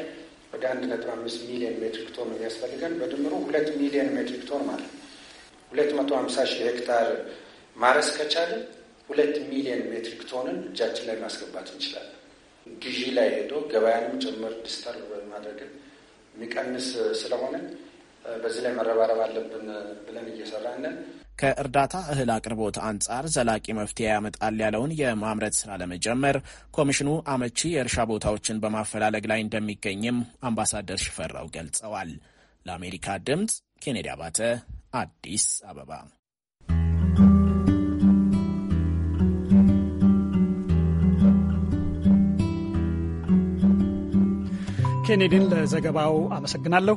ወደ አንድ ነጥብ አምስት ሚሊዮን ሜትሪክ ቶን ነው የሚያስፈልገን። በድምሩ ሁለት ሚሊዮን ሜትሪክ ቶን ማለት ሁለት መቶ ሀምሳ ሺህ ሄክታር ማረስ ከቻለ ሁለት ሚሊዮን ሜትሪክ ቶንን እጃችን ላይ ማስገባት እንችላለን። ግዢ ላይ ሄዶ ገበያንም ጭምር ዲስተርብ ማድረግን የሚቀንስ ስለሆነ በዚህ ላይ መረባረብ አለብን ብለን እየሰራን ነን። ከእርዳታ እህል አቅርቦት አንጻር ዘላቂ መፍትሄ ያመጣል ያለውን የማምረት ስራ ለመጀመር ኮሚሽኑ አመቺ የእርሻ ቦታዎችን በማፈላለግ ላይ እንደሚገኝም አምባሳደር ሽፈራው ገልጸዋል። ለአሜሪካ ድምፅ ኬኔዲ አባተ አዲስ አበባ ኬኔዲን ለዘገባው አመሰግናለሁ።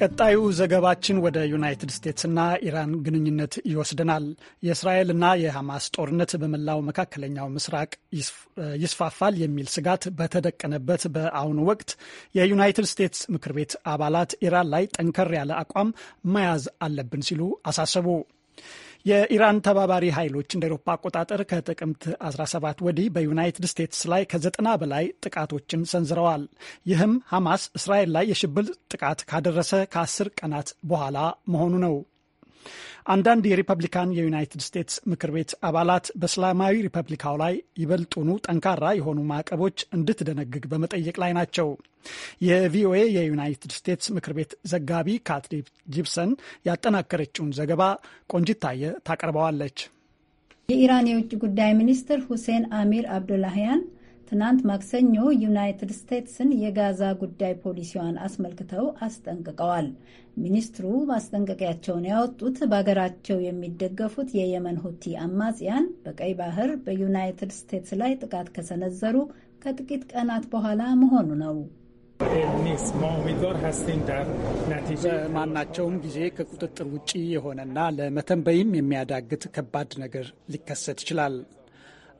ቀጣዩ ዘገባችን ወደ ዩናይትድ ስቴትስና ኢራን ግንኙነት ይወስደናል። የእስራኤልና የሐማስ ጦርነት በመላው መካከለኛው ምስራቅ ይስፋፋል የሚል ስጋት በተደቀነበት በአሁኑ ወቅት የዩናይትድ ስቴትስ ምክር ቤት አባላት ኢራን ላይ ጠንከር ያለ አቋም መያዝ አለብን ሲሉ አሳሰቡ። የኢራን ተባባሪ ኃይሎች እንደ ኤሮፓ አቆጣጠር ከጥቅምት 17 ወዲህ በዩናይትድ ስቴትስ ላይ ከዘጠና በላይ ጥቃቶችን ሰንዝረዋል። ይህም ሐማስ እስራኤል ላይ የሽብር ጥቃት ካደረሰ ከአስር ቀናት በኋላ መሆኑ ነው። አንዳንድ የሪፐብሊካን የዩናይትድ ስቴትስ ምክር ቤት አባላት በእስላማዊ ሪፐብሊካው ላይ ይበልጡኑ ጠንካራ የሆኑ ማዕቀቦች እንድትደነግግ በመጠየቅ ላይ ናቸው። የቪኦኤ የዩናይትድ ስቴትስ ምክር ቤት ዘጋቢ ካትሪ ጂፕሰን ያጠናከረችውን ዘገባ ቆንጂታየ ታቀርበዋለች። የኢራን የውጭ ጉዳይ ሚኒስትር ሁሴን አሚር አብዱላህያን ትናንት ማክሰኞ ዩናይትድ ስቴትስን የጋዛ ጉዳይ ፖሊሲዋን አስመልክተው አስጠንቅቀዋል። ሚኒስትሩ ማስጠንቀቂያቸውን ያወጡት በሀገራቸው የሚደገፉት የየመን ሁቲ አማጽያን በቀይ ባህር በዩናይትድ ስቴትስ ላይ ጥቃት ከሰነዘሩ ከጥቂት ቀናት በኋላ መሆኑ ነው። በማናቸውም ጊዜ ከቁጥጥር ውጪ የሆነና ለመተንበይም የሚያዳግት ከባድ ነገር ሊከሰት ይችላል።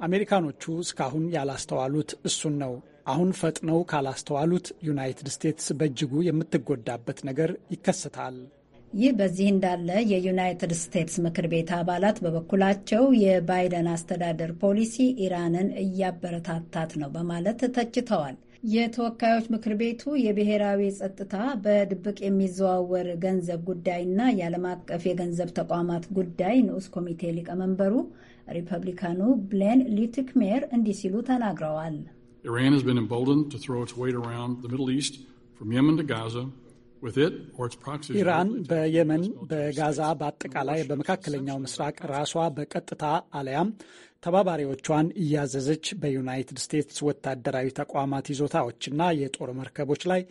አሜሪካኖቹ እስካሁን ያላስተዋሉት እሱን ነው። አሁን ፈጥነው ካላስተዋሉት ዩናይትድ ስቴትስ በእጅጉ የምትጎዳበት ነገር ይከሰታል። ይህ በዚህ እንዳለ የዩናይትድ ስቴትስ ምክር ቤት አባላት በበኩላቸው የባይደን አስተዳደር ፖሊሲ ኢራንን እያበረታታት ነው በማለት ተችተዋል። የተወካዮች ምክር ቤቱ የብሔራዊ ጸጥታ፣ በድብቅ የሚዘዋወር ገንዘብ ጉዳይና የዓለም አቀፍ የገንዘብ ተቋማት ጉዳይ ንዑስ ኮሚቴ ሊቀመንበሩ ሪፐብሊካኑ ብሌን ሊትክሜር እንዲህ ሲሉ ተናግረዋል። Iran has been emboldened to throw its weight around the Middle East from Yemen to Gaza. ኢራን በየመን በጋዛ በአጠቃላይ በመካከለኛው ምስራቅ ራሷ በቀጥታ አለያም ተባባሪዎቿን እያዘዘች በዩናይትድ ስቴትስ ወታደራዊ ተቋማት ይዞታዎችና የጦር መርከቦች ላይ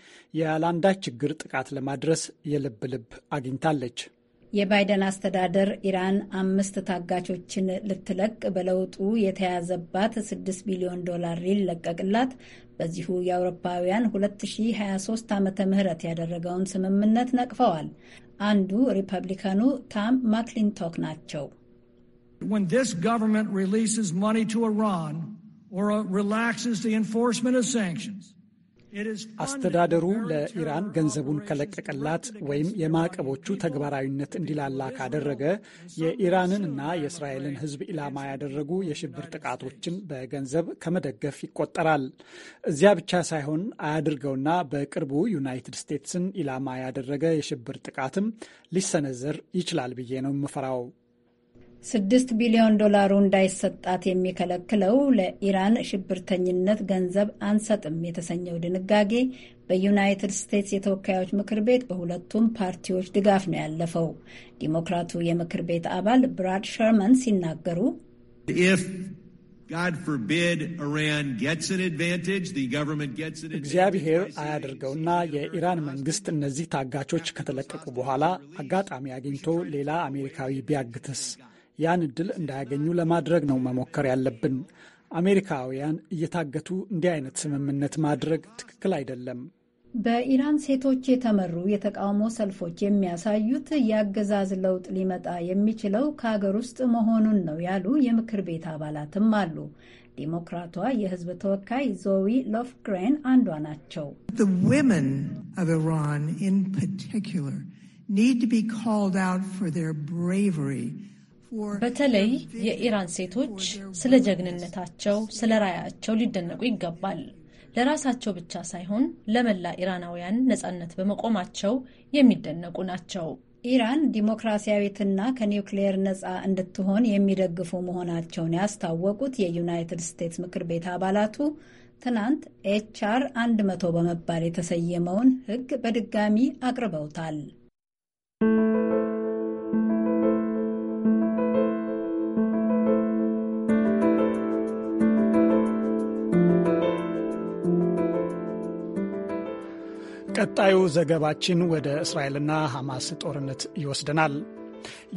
ያለአንዳች ችግር ጥቃት ለማድረስ የልብ ልብ አግኝታለች። የባይደን አስተዳደር ኢራን አምስት ታጋቾችን ልትለቅ በለውጡ የተያዘባት 6 ቢሊዮን ዶላር ሊለቀቅላት በዚሁ የአውሮፓውያን 2023 ዓመተ ምህረት ያደረገውን ስምምነት ነቅፈዋል። አንዱ ሪፐብሊካኑ ታም ማክሊንቶክ ናቸው። ሪሊስስ ማኒ ኢራን ኦር ኢንፎርስመንት ኦፍ ሳንክሽንስ አስተዳደሩ ለኢራን ገንዘቡን ከለቀቀላት ወይም የማዕቀቦቹ ተግባራዊነት እንዲላላ ካደረገ የኢራንን እና የእስራኤልን ሕዝብ ኢላማ ያደረጉ የሽብር ጥቃቶችን በገንዘብ ከመደገፍ ይቆጠራል። እዚያ ብቻ ሳይሆን አያድርገውና በቅርቡ ዩናይትድ ስቴትስን ኢላማ ያደረገ የሽብር ጥቃትም ሊሰነዘር ይችላል ብዬ ነው የምፈራው። ስድስት ቢሊዮን ዶላሩ እንዳይሰጣት የሚከለክለው ለኢራን ሽብርተኝነት ገንዘብ አንሰጥም የተሰኘው ድንጋጌ በዩናይትድ ስቴትስ የተወካዮች ምክር ቤት በሁለቱም ፓርቲዎች ድጋፍ ነው ያለፈው። ዲሞክራቱ የምክር ቤት አባል ብራድ ሸርመን ሲናገሩ እግዚአብሔር አያደርገውና የኢራን መንግስት እነዚህ ታጋቾች ከተለቀቁ በኋላ አጋጣሚ አግኝቶ ሌላ አሜሪካዊ ቢያግትስ ያን እድል እንዳያገኙ ለማድረግ ነው መሞከር ያለብን። አሜሪካውያን እየታገቱ እንዲህ አይነት ስምምነት ማድረግ ትክክል አይደለም። በኢራን ሴቶች የተመሩ የተቃውሞ ሰልፎች የሚያሳዩት የአገዛዝ ለውጥ ሊመጣ የሚችለው ከሀገር ውስጥ መሆኑን ነው ያሉ የምክር ቤት አባላትም አሉ። ዲሞክራቷ የህዝብ ተወካይ ዞዊ ሎፍግሬን አንዷ ናቸው። ኢራን በተለይ የኢራን ሴቶች ስለ ጀግንነታቸው፣ ስለ ራያቸው ሊደነቁ ይገባል። ለራሳቸው ብቻ ሳይሆን ለመላ ኢራናውያን ነጻነት በመቆማቸው የሚደነቁ ናቸው። ኢራን ዲሞክራሲያዊትና ከኒውክሌየር ነጻ እንድትሆን የሚደግፉ መሆናቸውን ያስታወቁት የዩናይትድ ስቴትስ ምክር ቤት አባላቱ ትናንት ኤችአር 100 በመባል የተሰየመውን ሕግ በድጋሚ አቅርበውታል። ቀጣዩ ዘገባችን ወደ እስራኤልና ሐማስ ጦርነት ይወስደናል።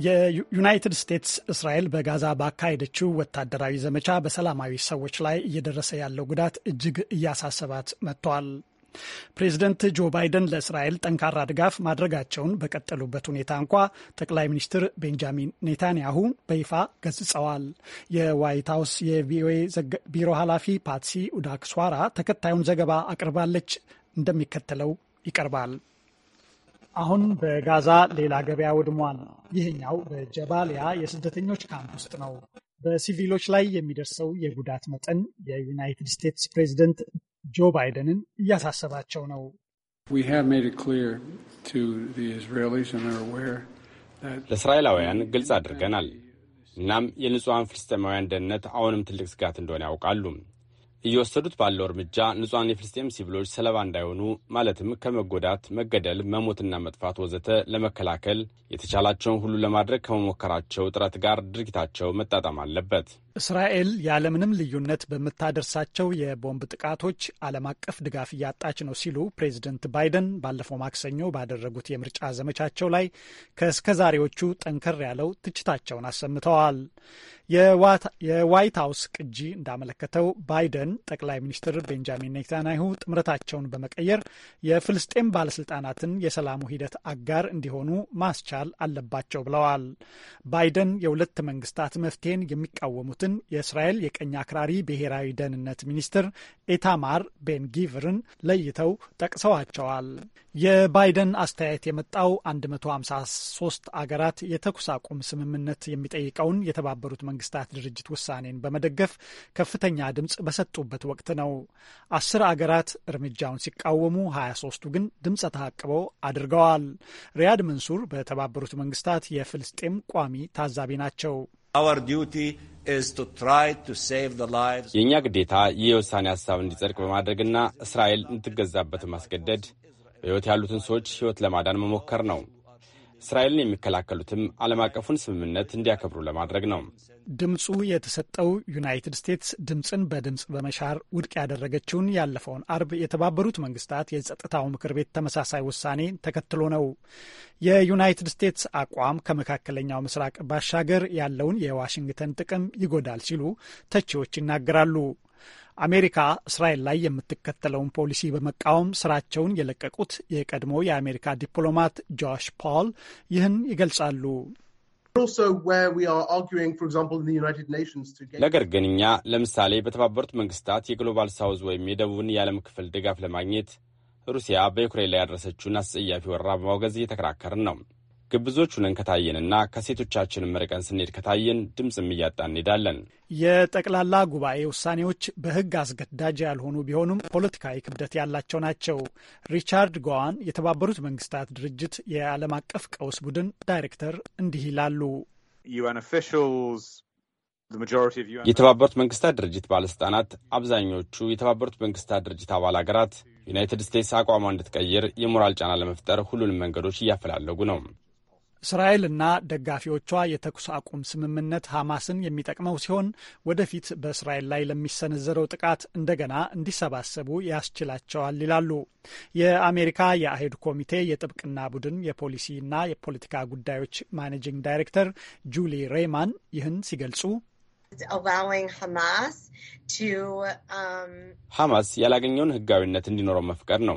የዩናይትድ ስቴትስ እስራኤል በጋዛ ባካሄደችው ወታደራዊ ዘመቻ በሰላማዊ ሰዎች ላይ እየደረሰ ያለው ጉዳት እጅግ እያሳሰባት መጥተዋል። ፕሬዚደንት ጆ ባይደን ለእስራኤል ጠንካራ ድጋፍ ማድረጋቸውን በቀጠሉበት ሁኔታ እንኳ ጠቅላይ ሚኒስትር ቤንጃሚን ኔታንያሁ በይፋ ገጽጸዋል። የዋይት ሀውስ የቪኦኤ ቢሮ ኃላፊ ፓትሲ ኡዳክስዋራ ተከታዩን ዘገባ አቅርባለች፣ እንደሚከተለው ይቀርባል። አሁን በጋዛ ሌላ ገበያ ወድሟል። ይህኛው በጀባሊያ የስደተኞች ካምፕ ውስጥ ነው። በሲቪሎች ላይ የሚደርሰው የጉዳት መጠን የዩናይትድ ስቴትስ ፕሬዚደንት ጆ ባይደንን እያሳሰባቸው ነው። ለእስራኤላውያን ግልጽ አድርገናል። እናም የንጹሐን ፍልስጤማውያን ደህንነት አሁንም ትልቅ ስጋት እንደሆነ ያውቃሉ። እየወሰዱት ባለው እርምጃ ንጹሐን የፍልስጤም ሲቪሎች ሰለባ እንዳይሆኑ ማለትም ከመጎዳት፣ መገደል፣ መሞትና መጥፋት ወዘተ ለመከላከል የተቻላቸውን ሁሉ ለማድረግ ከመሞከራቸው ጥረት ጋር ድርጊታቸው መጣጣም አለበት። እስራኤል ያለምንም ልዩነት በምታደርሳቸው የቦምብ ጥቃቶች ዓለም አቀፍ ድጋፍ እያጣች ነው ሲሉ ፕሬዚደንት ባይደን ባለፈው ማክሰኞ ባደረጉት የምርጫ ዘመቻቸው ላይ ከእስከዛሬዎቹ ጠንከር ያለው ትችታቸውን አሰምተዋል። የዋይት ሀውስ ቅጂ እንዳመለከተው ባይደን ጠቅላይ ሚኒስትር ቤንጃሚን ኔታንያሁ ጥምረታቸውን በመቀየር የፍልስጤም ባለስልጣናትን የሰላሙ ሂደት አጋር እንዲሆኑ ማስቻል አለባቸው ብለዋል። ባይደን የሁለት መንግስታት መፍትሄን የሚቃወሙትን የእስራኤል የቀኝ አክራሪ ብሔራዊ ደህንነት ሚኒስትር ኢታማር ቤንጊቭርን ለይተው ጠቅሰዋቸዋል። የባይደን አስተያየት የመጣው 153 አገራት የተኩስ አቁም ስምምነት የሚጠይቀውን የተባበሩት መንግስታት ድርጅት ውሳኔን በመደገፍ ከፍተኛ ድምፅ በሰጡበት ወቅት ነው። አስር አገራት እርምጃውን ሲቃወሙ፣ 23ቱ ግን ድምፀ ተአቅቦ አድርገዋል። ሪያድ መንሱር በተባበሩት መንግስታት የፍልስጤም ቋሚ ታዛቢ ናቸው። የእኛ ግዴታ ይህ የውሳኔ ሀሳብ እንዲጸድቅ በማድረግና እስራኤል እንድትገዛበት ማስገደድ በሕይወት ያሉትን ሰዎች ሕይወት ለማዳን መሞከር ነው። እስራኤልን የሚከላከሉትም ዓለም አቀፉን ስምምነት እንዲያከብሩ ለማድረግ ነው። ድምፁ የተሰጠው ዩናይትድ ስቴትስ ድምፅን በድምፅ በመሻር ውድቅ ያደረገችውን ያለፈውን አርብ የተባበሩት መንግስታት የጸጥታው ምክር ቤት ተመሳሳይ ውሳኔ ተከትሎ ነው። የዩናይትድ ስቴትስ አቋም ከመካከለኛው ምስራቅ ባሻገር ያለውን የዋሽንግተን ጥቅም ይጎዳል ሲሉ ተቺዎች ይናገራሉ። አሜሪካ እስራኤል ላይ የምትከተለውን ፖሊሲ በመቃወም ስራቸውን የለቀቁት የቀድሞ የአሜሪካ ዲፕሎማት ጆሽ ፖል ይህን ይገልጻሉ። ነገር ግን እኛ ለምሳሌ በተባበሩት መንግስታት የግሎባል ሳውዝ ወይም የደቡብን የዓለም ክፍል ድጋፍ ለማግኘት ሩሲያ በዩክሬን ላይ ያደረሰችውን አስጸያፊ ወረራ በማውገዝ እየተከራከርን ነው። ግብዞች ሁነን ከታየንና ከሴቶቻችንም ርቀን ስንሄድ ከታየን ድምፅም እያጣን እንሄዳለን። የጠቅላላ ጉባኤ ውሳኔዎች በሕግ አስገዳጅ ያልሆኑ ቢሆኑም ፖለቲካዊ ክብደት ያላቸው ናቸው። ሪቻርድ ጎዋን የተባበሩት መንግስታት ድርጅት የዓለም አቀፍ ቀውስ ቡድን ዳይሬክተር እንዲህ ይላሉ። የተባበሩት መንግስታት ድርጅት ባለስልጣናት አብዛኞቹ የተባበሩት መንግስታት ድርጅት አባል ሀገራት ዩናይትድ ስቴትስ አቋሟ እንድትቀይር የሞራል ጫና ለመፍጠር ሁሉንም መንገዶች እያፈላለጉ ነው። እስራኤልና ደጋፊዎቿ የተኩስ አቁም ስምምነት ሐማስን የሚጠቅመው ሲሆን ወደፊት በእስራኤል ላይ ለሚሰነዘረው ጥቃት እንደገና እንዲሰባሰቡ ያስችላቸዋል ይላሉ። የአሜሪካ የአይሁድ ኮሚቴ የጥብቅና ቡድን የፖሊሲና የፖለቲካ ጉዳዮች ማኔጂንግ ዳይሬክተር ጁሊ ሬይማን ይህን ሲገልጹ um, ሐማስ ያላገኘውን ሕጋዊነት እንዲኖረው መፍቀድ ነው።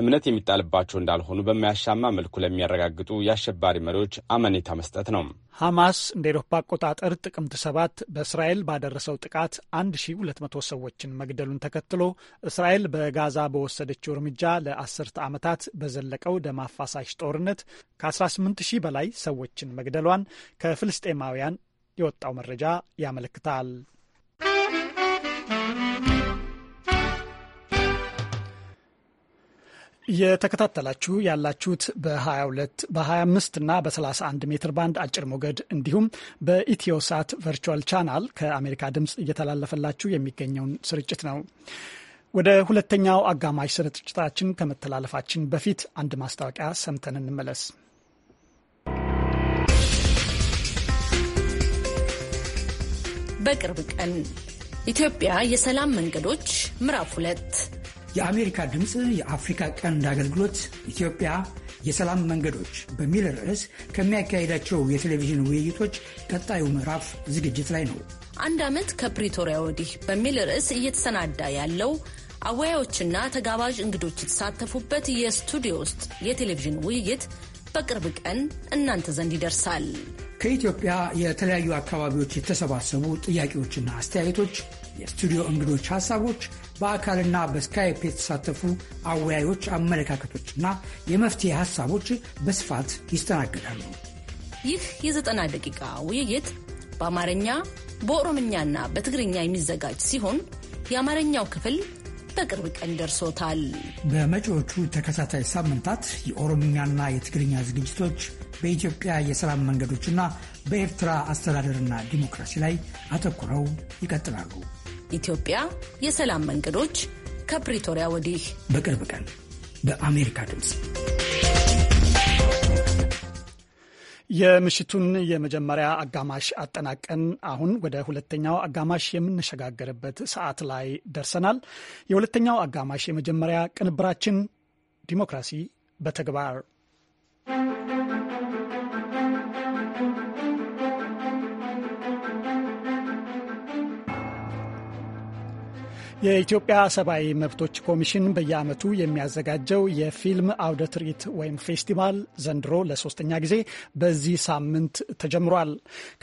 እምነት የሚጣልባቸው እንዳልሆኑ በማያሻማ መልኩ ለሚያረጋግጡ የአሸባሪ መሪዎች አመኔታ መስጠት ነው። ሐማስ እንደ ኤሮፓ አቆጣጠር ጥቅምት ሰባት በእስራኤል ባደረሰው ጥቃት 1200 ሰዎችን መግደሉን ተከትሎ እስራኤል በጋዛ በወሰደችው እርምጃ ለአስርተ ዓመታት በዘለቀው ደም አፋሳሽ ጦርነት ከ18000 በላይ ሰዎችን መግደሏን ከፍልስጤማውያን የወጣው መረጃ ያመለክታል። እየተከታተላችሁ ያላችሁት በ22 በ25 እና በ31 ሜትር ባንድ አጭር ሞገድ እንዲሁም ሳት ቨርቹዋል ቻናል ከአሜሪካ ድምፅ እየተላለፈላችሁ የሚገኘውን ስርጭት ነው። ወደ ሁለተኛው አጋማሽ ስርጭታችን ከመተላለፋችን በፊት አንድ ማስታወቂያ ሰምተን እንመለስ። በቅርብ ቀን ኢትዮጵያ የሰላም መንገዶች ምዕራፍ ሁለት የአሜሪካ ድምፅ የአፍሪካ ቀንድ አገልግሎት ኢትዮጵያ የሰላም መንገዶች በሚል ርዕስ ከሚያካሄዳቸው የቴሌቪዥን ውይይቶች ቀጣዩ ምዕራፍ ዝግጅት ላይ ነው። አንድ ዓመት ከፕሪቶሪያ ወዲህ በሚል ርዕስ እየተሰናዳ ያለው አወያዮችና ተጋባዥ እንግዶች የተሳተፉበት የስቱዲዮ ውስጥ የቴሌቪዥን ውይይት በቅርብ ቀን እናንተ ዘንድ ይደርሳል። ከኢትዮጵያ የተለያዩ አካባቢዎች የተሰባሰቡ ጥያቄዎችና አስተያየቶች፣ የስቱዲዮ እንግዶች ሀሳቦች በአካልና በስካይፕ የተሳተፉ አወያዮች አመለካከቶችና የመፍትሄ ሀሳቦች በስፋት ይስተናገዳሉ። ይህ የዘጠና ደቂቃ ውይይት በአማርኛ በኦሮምኛና በትግርኛ የሚዘጋጅ ሲሆን የአማርኛው ክፍል በቅርብ ቀን ደርሶታል። በመጪዎቹ ተከታታይ ሳምንታት የኦሮምኛና የትግርኛ ዝግጅቶች በኢትዮጵያ የሰላም መንገዶችና በኤርትራ አስተዳደርና ዲሞክራሲ ላይ አተኩረው ይቀጥላሉ። ኢትዮጵያ የሰላም መንገዶች ከፕሪቶሪያ ወዲህ በቅርብ ቀን በአሜሪካ ድምፅ የምሽቱን የመጀመሪያ አጋማሽ አጠናቀን አሁን ወደ ሁለተኛው አጋማሽ የምንሸጋገርበት ሰዓት ላይ ደርሰናል። የሁለተኛው አጋማሽ የመጀመሪያ ቅንብራችን ዲሞክራሲ በተግባር የኢትዮጵያ ሰብአዊ መብቶች ኮሚሽን በየዓመቱ የሚያዘጋጀው የፊልም አውደ ትርኢት ወይም ፌስቲቫል ዘንድሮ ለሶስተኛ ጊዜ በዚህ ሳምንት ተጀምሯል።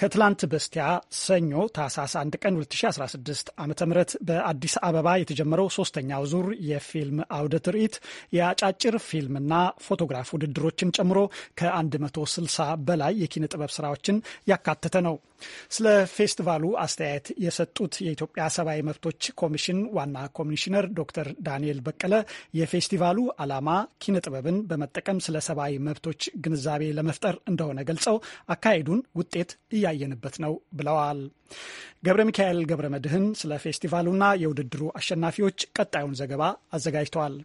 ከትላንት በስቲያ ሰኞ ታህሳስ 1 ቀን 2016 ዓ ም በአዲስ አበባ የተጀመረው ሶስተኛው ዙር የፊልም አውደ ትርኢት የአጫጭር ፊልምና ፎቶግራፍ ውድድሮችን ጨምሮ ከ160 በላይ የኪነ ጥበብ ስራዎችን ያካተተ ነው። ስለ ፌስቲቫሉ አስተያየት የሰጡት የኢትዮጵያ ሰብአዊ መብቶች ኮሚሽን ዋና ኮሚሽነር ዶክተር ዳንኤል በቀለ የፌስቲቫሉ ዓላማ ኪነ ጥበብን በመጠቀም ስለ ሰብአዊ መብቶች ግንዛቤ ለመፍጠር እንደሆነ ገልጸው አካሄዱን ውጤት እያየንበት ነው ብለዋል። ገብረ ሚካኤል ገብረ መድህን ስለ ፌስቲቫሉና የውድድሩ አሸናፊዎች ቀጣዩን ዘገባ አዘጋጅተዋል።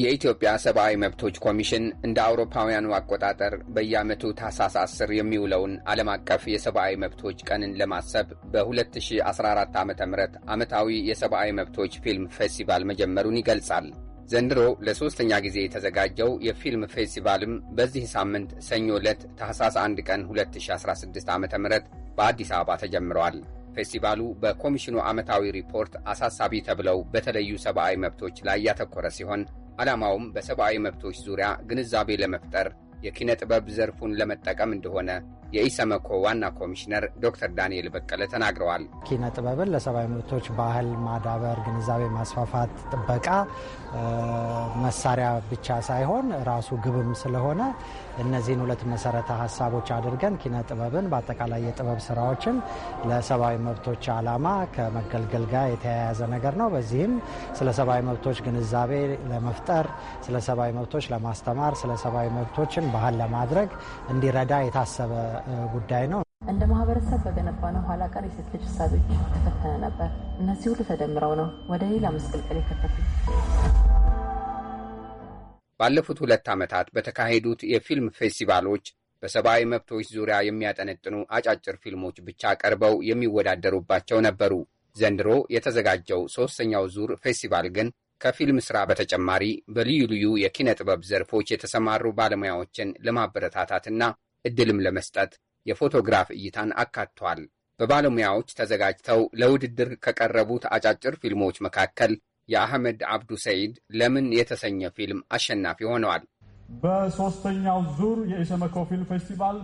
የኢትዮጵያ ሰብአዊ መብቶች ኮሚሽን እንደ አውሮፓውያኑ አቆጣጠር በየዓመቱ ታህሳስ 10 የሚውለውን ዓለም አቀፍ የሰብአዊ መብቶች ቀንን ለማሰብ በ2014 ዓ ም ዓመታዊ የሰብአዊ መብቶች ፊልም ፌስቲቫል መጀመሩን ይገልጻል። ዘንድሮ ለሦስተኛ ጊዜ የተዘጋጀው የፊልም ፌስቲቫልም በዚህ ሳምንት ሰኞ ዕለት ታህሳስ 1 ቀን 2016 ዓ ም በአዲስ አበባ ተጀምረዋል። ፌስቲቫሉ በኮሚሽኑ ዓመታዊ ሪፖርት አሳሳቢ ተብለው በተለዩ ሰብአዊ መብቶች ላይ ያተኮረ ሲሆን ዓላማውም በሰብአዊ መብቶች ዙሪያ ግንዛቤ ለመፍጠር የኪነ ጥበብ ዘርፉን ለመጠቀም እንደሆነ የኢሰመኮ ዋና ኮሚሽነር ዶክተር ዳንኤል በቀለ ተናግረዋል። ኪነ ጥበብን ለሰብአዊ መብቶች ባህል ማዳበር፣ ግንዛቤ ማስፋፋት፣ ጥበቃ መሳሪያ ብቻ ሳይሆን ራሱ ግብም ስለሆነ እነዚህን ሁለት መሰረተ ሀሳቦች አድርገን ኪነ ጥበብን በአጠቃላይ የጥበብ ስራዎችን ለሰብአዊ መብቶች ዓላማ ከመገልገል ጋር የተያያዘ ነገር ነው። በዚህም ስለ ሰብአዊ መብቶች ግንዛቤ ለመፍጠር፣ ስለ ሰብአዊ መብቶች ለማስተማር፣ ስለ ሰብአዊ መብቶችን ባህል ለማድረግ እንዲረዳ የታሰበ ጉዳይ ነው። እንደ ማህበረሰብ በገነባነው ኋላ ቀር የሴት ልጅ እሳቤዎች ተፈተነ ነበር። እነዚህ ሁሉ ተደምረው ነው ወደ ሌላ መስቀልቀል የከተቱ። ባለፉት ሁለት ዓመታት በተካሄዱት የፊልም ፌስቲቫሎች በሰብአዊ መብቶች ዙሪያ የሚያጠነጥኑ አጫጭር ፊልሞች ብቻ ቀርበው የሚወዳደሩባቸው ነበሩ። ዘንድሮ የተዘጋጀው ሦስተኛው ዙር ፌስቲቫል ግን ከፊልም ሥራ በተጨማሪ በልዩ ልዩ የኪነ ጥበብ ዘርፎች የተሰማሩ ባለሙያዎችን ለማበረታታትና እድልም ለመስጠት የፎቶግራፍ እይታን አካቷል። በባለሙያዎች ተዘጋጅተው ለውድድር ከቀረቡት አጫጭር ፊልሞች መካከል የአህመድ አብዱ ሰይድ ለምን የተሰኘ ፊልም አሸናፊ ሆነዋል። በሶስተኛው ዙር የኢሰመኮ ፊልም ፌስቲቫል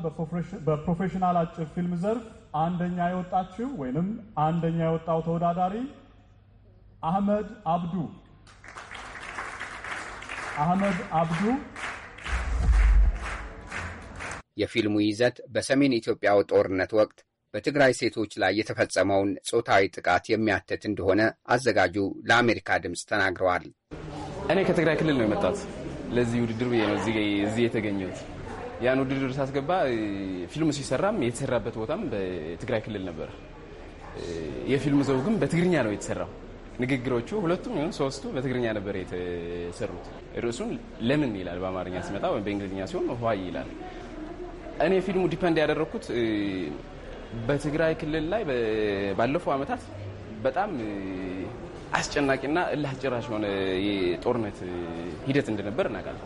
በፕሮፌሽናል አጭር ፊልም ዘርፍ አንደኛ የወጣችው ወይንም አንደኛ የወጣው ተወዳዳሪ አህመድ አብዱ አህመድ አብዱ የፊልሙ ይዘት በሰሜን ኢትዮጵያው ጦርነት ወቅት በትግራይ ሴቶች ላይ የተፈጸመውን ጾታዊ ጥቃት የሚያትት እንደሆነ አዘጋጁ ለአሜሪካ ድምፅ ተናግረዋል። እኔ ከትግራይ ክልል ነው የመጣት ለዚህ ውድድር ብዬ ነው እዚህ የተገኘት። ያን ውድድር ሳስገባ ፊልሙ ሲሰራም የተሰራበት ቦታም በትግራይ ክልል ነበር። የፊልሙ ዘውግም በትግርኛ ነው የተሰራው። ንግግሮቹ ሁለቱም ይሁን ሶስቱ በትግርኛ ነበር የተሰሩት። ርዕሱን ለምን ይላል በአማርኛ ሲመጣ ወይም በእንግሊዝኛ ሲሆን ዋይ ይላል። እኔ ፊልሙ ዲፐንድ ያደረግኩት በትግራይ ክልል ላይ ባለፈው ዓመታት በጣም አስጨናቂና እልህ አስጨራሽ የሆነ የጦርነት ሂደት እንደነበር እናውቃለን።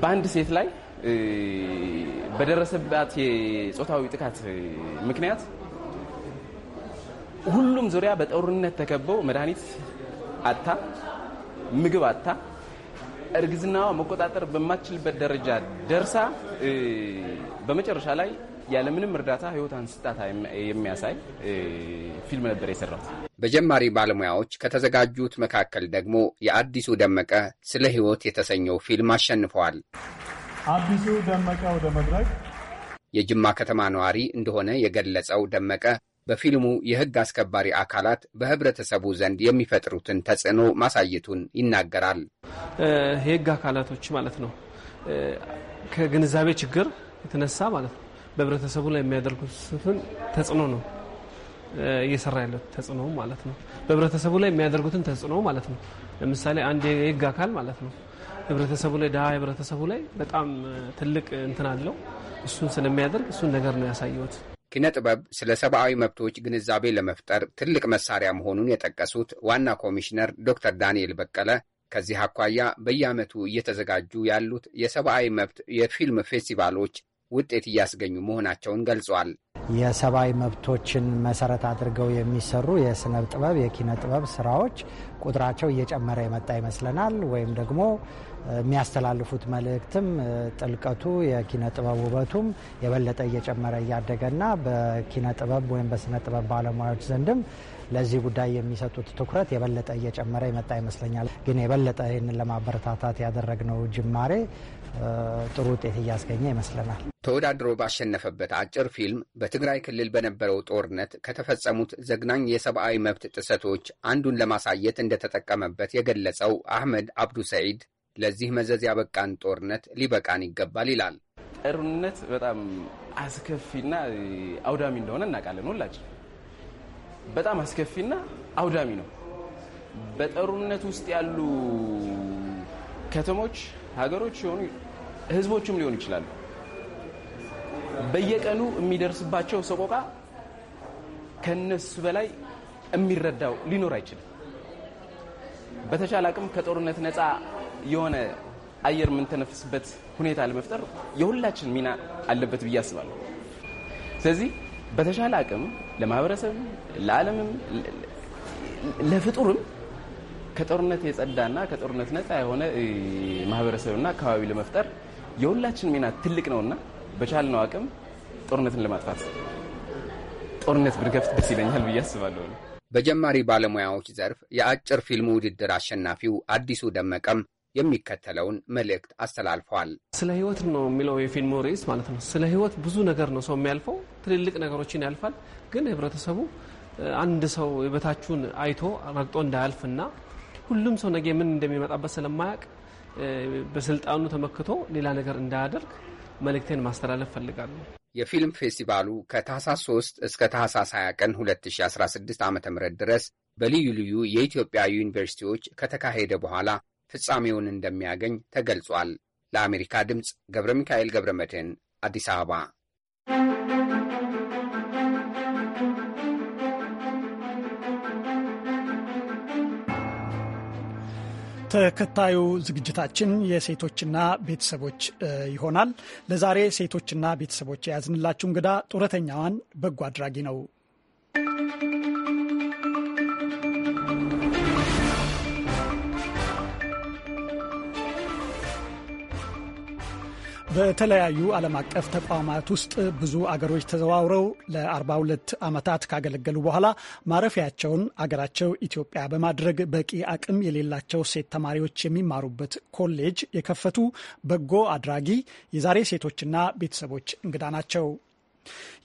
በአንድ ሴት ላይ በደረሰባት የጾታዊ ጥቃት ምክንያት ሁሉም ዙሪያ በጦርነት ተከበው መድኃኒት አታ ምግብ አታ እርግዝናዋ መቆጣጠር በማትችልበት ደረጃ ደርሳ በመጨረሻ ላይ ያለምንም እርዳታ ህይወቷን ስጣታ የሚያሳይ ፊልም ነበር የሰራሁት። በጀማሪ ባለሙያዎች ከተዘጋጁት መካከል ደግሞ የአዲሱ ደመቀ ስለ ህይወት የተሰኘው ፊልም አሸንፈዋል። አዲሱ ደመቀ ወደ መድረክ የጅማ ከተማ ነዋሪ እንደሆነ የገለጸው ደመቀ በፊልሙ የሕግ አስከባሪ አካላት በህብረተሰቡ ዘንድ የሚፈጥሩትን ተጽዕኖ ማሳየቱን ይናገራል። የሕግ አካላቶች ማለት ነው ከግንዛቤ ችግር የተነሳ ማለት ነው በህብረተሰቡ ላይ የሚያደርጉትን ተጽዕኖ ነው እየሰራ ያለው ተጽዕኖ ማለት ነው። በህብረተሰቡ ላይ የሚያደርጉትን ተጽዕኖ ማለት ነው። ለምሳሌ አንድ የህግ አካል ማለት ነው ህብረተሰቡ ላይ ድሀ ህብረተሰቡ ላይ በጣም ትልቅ እንትን አለው። እሱን ስለሚያደርግ እሱን ነገር ነው ያሳየሁት። ኪነ ጥበብ ስለ ሰብአዊ መብቶች ግንዛቤ ለመፍጠር ትልቅ መሳሪያ መሆኑን የጠቀሱት ዋና ኮሚሽነር ዶክተር ዳንኤል በቀለ ከዚህ አኳያ በየዓመቱ እየተዘጋጁ ያሉት የሰብአዊ መብት የፊልም ፌስቲቫሎች ውጤት እያስገኙ መሆናቸውን ገልጿል። የሰብአዊ መብቶችን መሰረት አድርገው የሚሰሩ የስነ ጥበብ የኪነ ጥበብ ስራዎች ቁጥራቸው እየጨመረ የመጣ ይመስለናል። ወይም ደግሞ የሚያስተላልፉት መልእክትም ጥልቀቱ የኪነ ጥበብ ውበቱም የበለጠ እየጨመረ እያደገና በኪነ ጥበብ ወይም በስነ ጥበብ ባለሙያዎች ዘንድም ለዚህ ጉዳይ የሚሰጡት ትኩረት የበለጠ እየጨመረ ይመጣ ይመስለኛል። ግን የበለጠ ይህንን ለማበረታታት ያደረግነው ጅማሬ ጥሩ ውጤት እያስገኘ ይመስለናል። ተወዳድሮ ባሸነፈበት አጭር ፊልም በትግራይ ክልል በነበረው ጦርነት ከተፈጸሙት ዘግናኝ የሰብአዊ መብት ጥሰቶች አንዱን ለማሳየት እንደተጠቀመበት የገለጸው አህመድ አብዱ ሰዒድ ለዚህ መዘዝ ያበቃን ጦርነት ሊበቃን ይገባል ይላል። ጦርነት በጣም አስከፊና አውዳሚ እንደሆነ እናውቃለን። ሁላችን በጣም አስከፊና አውዳሚ ነው። በጦርነት ውስጥ ያሉ ከተሞች፣ ሀገሮች ሲሆኑ ህዝቦችም ሊሆኑ ይችላሉ። በየቀኑ የሚደርስባቸው ሰቆቃ ከነሱ በላይ የሚረዳው ሊኖር አይችልም። በተቻለ አቅም ከጦርነት ነፃ የሆነ አየር የምንተነፍስበት ሁኔታ ለመፍጠር የሁላችን ሚና አለበት ብዬ አስባለሁ። ስለዚህ በተሻለ አቅም ለማህበረሰብ ለዓለምም፣ ለፍጡርም ከጦርነት የጸዳና ከጦርነት ነፃ የሆነ ማህበረሰብና አካባቢ ለመፍጠር የሁላችን ሚና ትልቅ ነውና በቻልነው አቅም ጦርነትን ለማጥፋት ጦርነት ብንከፍት ደስ ይለኛል ብዬ አስባለሁ። በጀማሪ ባለሙያዎች ዘርፍ የአጭር ፊልሙ ውድድር አሸናፊው አዲሱ ደመቀም የሚከተለውን መልእክት አስተላልፈዋል። ስለ ህይወት ነው የሚለው የፊልሙ ርዕስ ማለት ነው። ስለ ህይወት ብዙ ነገር ነው ሰው የሚያልፈው፣ ትልልቅ ነገሮችን ያልፋል። ግን ህብረተሰቡ አንድ ሰው የበታችሁን አይቶ ረግጦ እንዳያልፍና ሁሉም ሰው ነገ ምን እንደሚመጣበት ስለማያውቅ በስልጣኑ ተመክቶ ሌላ ነገር እንዳያደርግ መልእክቴን ማስተላለፍ ፈልጋሉ። የፊልም ፌስቲቫሉ ከታህሳስ 3 እስከ ታህሳስ 20 ቀን 2016 ዓ ም ድረስ በልዩ ልዩ የኢትዮጵያ ዩኒቨርሲቲዎች ከተካሄደ በኋላ ፍጻሜውን እንደሚያገኝ ተገልጿል። ለአሜሪካ ድምፅ ገብረ ሚካኤል ገብረ መድህን አዲስ አበባ። ተከታዩ ዝግጅታችን የሴቶችና ቤተሰቦች ይሆናል። ለዛሬ ሴቶችና ቤተሰቦች የያዝንላችሁ እንግዳ ጡረተኛዋን በጎ አድራጊ ነው። በተለያዩ ዓለም አቀፍ ተቋማት ውስጥ ብዙ አገሮች ተዘዋውረው ለ42 ዓመታት ካገለገሉ በኋላ ማረፊያቸውን አገራቸው ኢትዮጵያ በማድረግ በቂ አቅም የሌላቸው ሴት ተማሪዎች የሚማሩበት ኮሌጅ የከፈቱ በጎ አድራጊ የዛሬ ሴቶችና ቤተሰቦች እንግዳ ናቸው።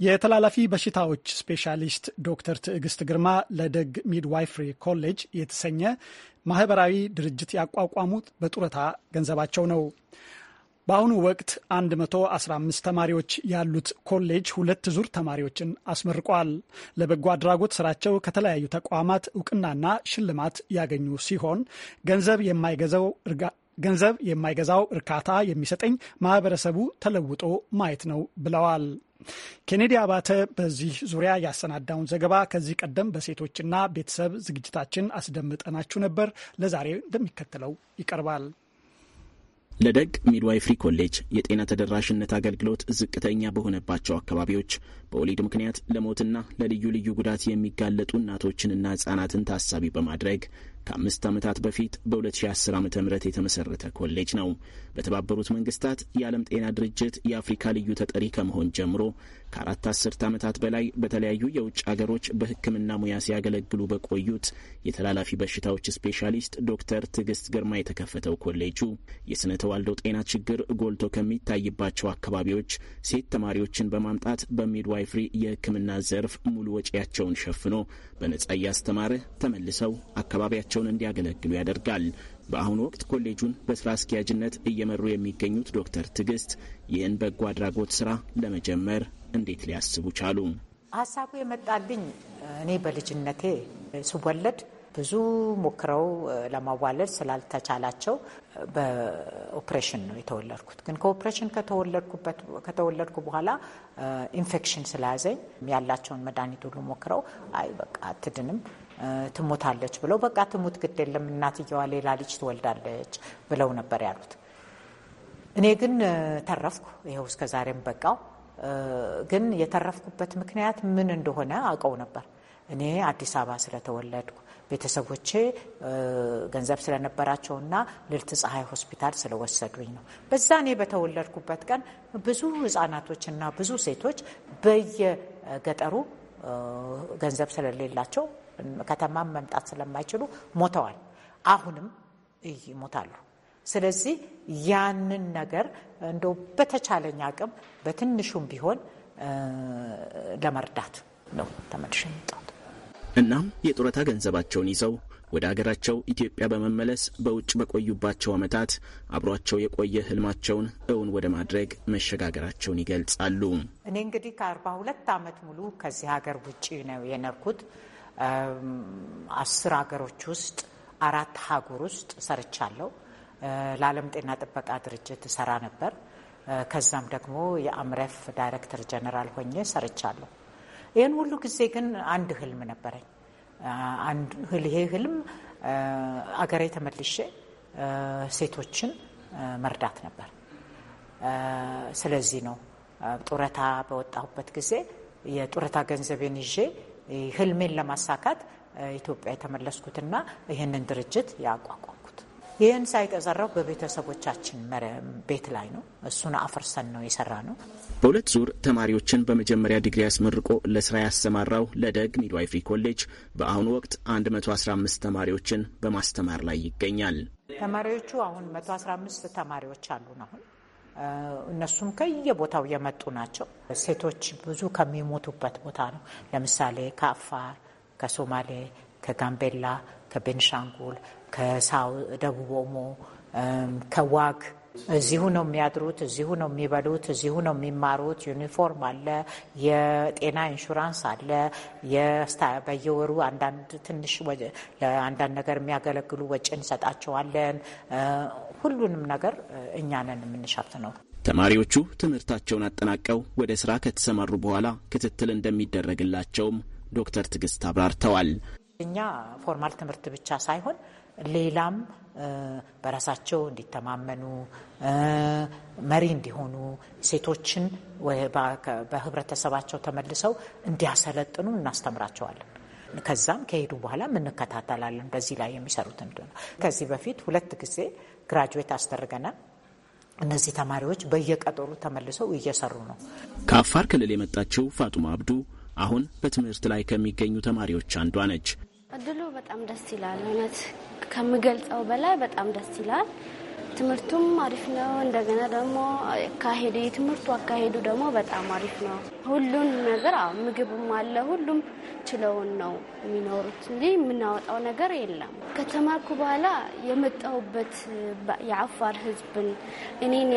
የተላላፊ በሽታዎች ስፔሻሊስት ዶክተር ትዕግስት ግርማ ለደግ ሚድዋይፍሪ ኮሌጅ የተሰኘ ማህበራዊ ድርጅት ያቋቋሙት በጡረታ ገንዘባቸው ነው። በአሁኑ ወቅት 115 ተማሪዎች ያሉት ኮሌጅ ሁለት ዙር ተማሪዎችን አስመርቋል። ለበጎ አድራጎት ስራቸው ከተለያዩ ተቋማት እውቅናና ሽልማት ያገኙ ሲሆን ገንዘብ የማይገዛው ገንዘብ የማይገዛው እርካታ የሚሰጠኝ ማህበረሰቡ ተለውጦ ማየት ነው ብለዋል። ኬኔዲ አባተ በዚህ ዙሪያ ያሰናዳውን ዘገባ ከዚህ ቀደም በሴቶችና ቤተሰብ ዝግጅታችን አስደምጠናችሁ ነበር። ለዛሬ እንደሚከተለው ይቀርባል። ለደግ ሚድዋይፍሪ ኮሌጅ የጤና ተደራሽነት አገልግሎት ዝቅተኛ በሆነባቸው አካባቢዎች በወሊድ ምክንያት ለሞትና ለልዩ ልዩ ጉዳት የሚጋለጡ እናቶችንና ህጻናትን ታሳቢ በማድረግ ከአምስት ዓመታት በፊት በ2010 ዓ ም የተመሠረተ ኮሌጅ ነው። በተባበሩት መንግስታት የዓለም ጤና ድርጅት የአፍሪካ ልዩ ተጠሪ ከመሆን ጀምሮ ከአራት አስርት ዓመታት በላይ በተለያዩ የውጭ አገሮች በሕክምና ሙያ ሲያገለግሉ በቆዩት የተላላፊ በሽታዎች ስፔሻሊስት ዶክተር ትዕግስት ግርማ የተከፈተው ኮሌጁ የስነ ተዋልዶ ጤና ችግር ጎልቶ ከሚታይባቸው አካባቢዎች ሴት ተማሪዎችን በማምጣት በሚድዋይፍሪ የሕክምና ዘርፍ ሙሉ ወጪያቸውን ሸፍኖ በነጻ እያስተማረ ተመልሰው አካባቢያቸውን እንዲያገለግሉ ያደርጋል። በአሁኑ ወቅት ኮሌጁን በስራ አስኪያጅነት እየመሩ የሚገኙት ዶክተር ትዕግስት ይህን በጎ አድራጎት ስራ ለመጀመር እንዴት ሊያስቡ ቻሉ? ሀሳቡ የመጣልኝ እኔ በልጅነቴ ስወለድ ብዙ ሞክረው ለማዋለድ ስላልተቻላቸው በኦፕሬሽን ነው የተወለድኩት። ግን ከኦፕሬሽን ከተወለድኩ በኋላ ኢንፌክሽን ስለያዘኝ ያላቸውን መድኃኒት ሁሉ ሞክረው አይ በቃ አትድንም ትሞታለች ብለው በቃ ትሙት ግድ የለም እናትየዋ ሌላ ልጅ ትወልዳለች ብለው ነበር ያሉት። እኔ ግን ተረፍኩ። ይኸው እስከ ዛሬም በቃው። ግን የተረፍኩበት ምክንያት ምን እንደሆነ አውቀው ነበር። እኔ አዲስ አበባ ስለተወለድኩ ቤተሰቦቼ ገንዘብ ስለነበራቸውና ልልት ፀሐይ ሆስፒታል ስለወሰዱኝ ነው። በዛ እኔ በተወለድኩበት ቀን ብዙ ህጻናቶችና ብዙ ሴቶች በየገጠሩ ገንዘብ ስለሌላቸው ከተማም መምጣት ስለማይችሉ ሞተዋል። አሁንም ይሞታሉ። ስለዚህ ያንን ነገር እንደ በተቻለኝ አቅም በትንሹም ቢሆን ለመርዳት ነው ተመልሼ የመጣሁት። እናም የጡረታ ገንዘባቸውን ይዘው ወደ አገራቸው ኢትዮጵያ በመመለስ በውጭ በቆዩባቸው ዓመታት አብሯቸው የቆየ ህልማቸውን እውን ወደ ማድረግ መሸጋገራቸውን ይገልጻሉ። እኔ እንግዲህ ከአርባ ሁለት ዓመት ሙሉ ከዚህ ሀገር ውጭ ነው የነርኩት። አስር ሀገሮች ውስጥ አራት ሀገር ውስጥ ሰርቻለሁ። ለዓለም ጤና ጥበቃ ድርጅት ሰራ ነበር። ከዛም ደግሞ የአምረፍ ዳይሬክተር ጀነራል ሆኜ ሰርቻለሁ። ይህን ሁሉ ጊዜ ግን አንድ ህልም ነበረኝ። ይሄ ህልም አገሬ ተመልሼ ሴቶችን መርዳት ነበር። ስለዚህ ነው ጡረታ በወጣሁበት ጊዜ የጡረታ ገንዘቤን ይዤ ህልሜን ለማሳካት ኢትዮጵያ የተመለስኩትና ይህንን ድርጅት ያቋቋም ይህን ሳይት የሰራው በቤተሰቦቻችን ቤት ላይ ነው። እሱን አፍርሰን ነው የሰራ ነው። በሁለት ዙር ተማሪዎችን በመጀመሪያ ዲግሪ አስመርቆ ለስራ ያሰማራው ለደግ ሚድዋይፍሪ ኮሌጅ በአሁኑ ወቅት 115 ተማሪዎችን በማስተማር ላይ ይገኛል። ተማሪዎቹ አሁን 115 ተማሪዎች አሉን። አሁን እነሱም ከየቦታው የመጡ ናቸው። ሴቶች ብዙ ከሚሞቱበት ቦታ ነው። ለምሳሌ ከአፋር፣ ከሶማሌ፣ ከጋምቤላ ከቤንሻንጉል፣ ደቡብ ኦሞ፣ ከዋግ እዚሁ ነው የሚያድሩት፣ እዚሁ ነው የሚበሉት፣ እዚሁ ነው የሚማሩት። ዩኒፎርም አለ፣ የጤና ኢንሹራንስ አለ። በየወሩ አንዳንድ ትንሽ ለአንዳንድ ነገር የሚያገለግሉ ወጪ እንሰጣቸዋለን። ሁሉንም ነገር እኛንን ነን የምንሸፍት ነው። ተማሪዎቹ ትምህርታቸውን አጠናቀው ወደ ስራ ከተሰማሩ በኋላ ክትትል እንደሚደረግላቸውም ዶክተር ትዕግስት አብራርተዋል። እኛ ፎርማል ትምህርት ብቻ ሳይሆን ሌላም በራሳቸው እንዲተማመኑ መሪ እንዲሆኑ ሴቶችን በህብረተሰባቸው ተመልሰው እንዲያሰለጥኑ እናስተምራቸዋለን። ከዛም ከሄዱ በኋላ እንከታተላለን። በዚህ ላይ የሚሰሩት እንዲሆነ ከዚህ በፊት ሁለት ጊዜ ግራጁዌት አስደርገናል። እነዚህ ተማሪዎች በየቀጠሩ ተመልሰው እየሰሩ ነው። ከአፋር ክልል የመጣችው ፋጡማ አብዱ አሁን በትምህርት ላይ ከሚገኙ ተማሪዎች አንዷ ነች። እድሉ በጣም ደስ ይላል። እውነት ከምገልጸው በላይ በጣም ደስ ይላል። ትምህርቱም አሪፍ ነው። እንደገና ደግሞ ካሄዱ የትምህርቱ አካሄዱ ደግሞ በጣም አሪፍ ነው። ሁሉን ነገር ምግብም አለ። ሁሉም ችለውን ነው የሚኖሩት እንጂ የምናወጣው ነገር የለም። ከተማርኩ በኋላ የመጣሁበት የአፋር ሕዝብን እኔን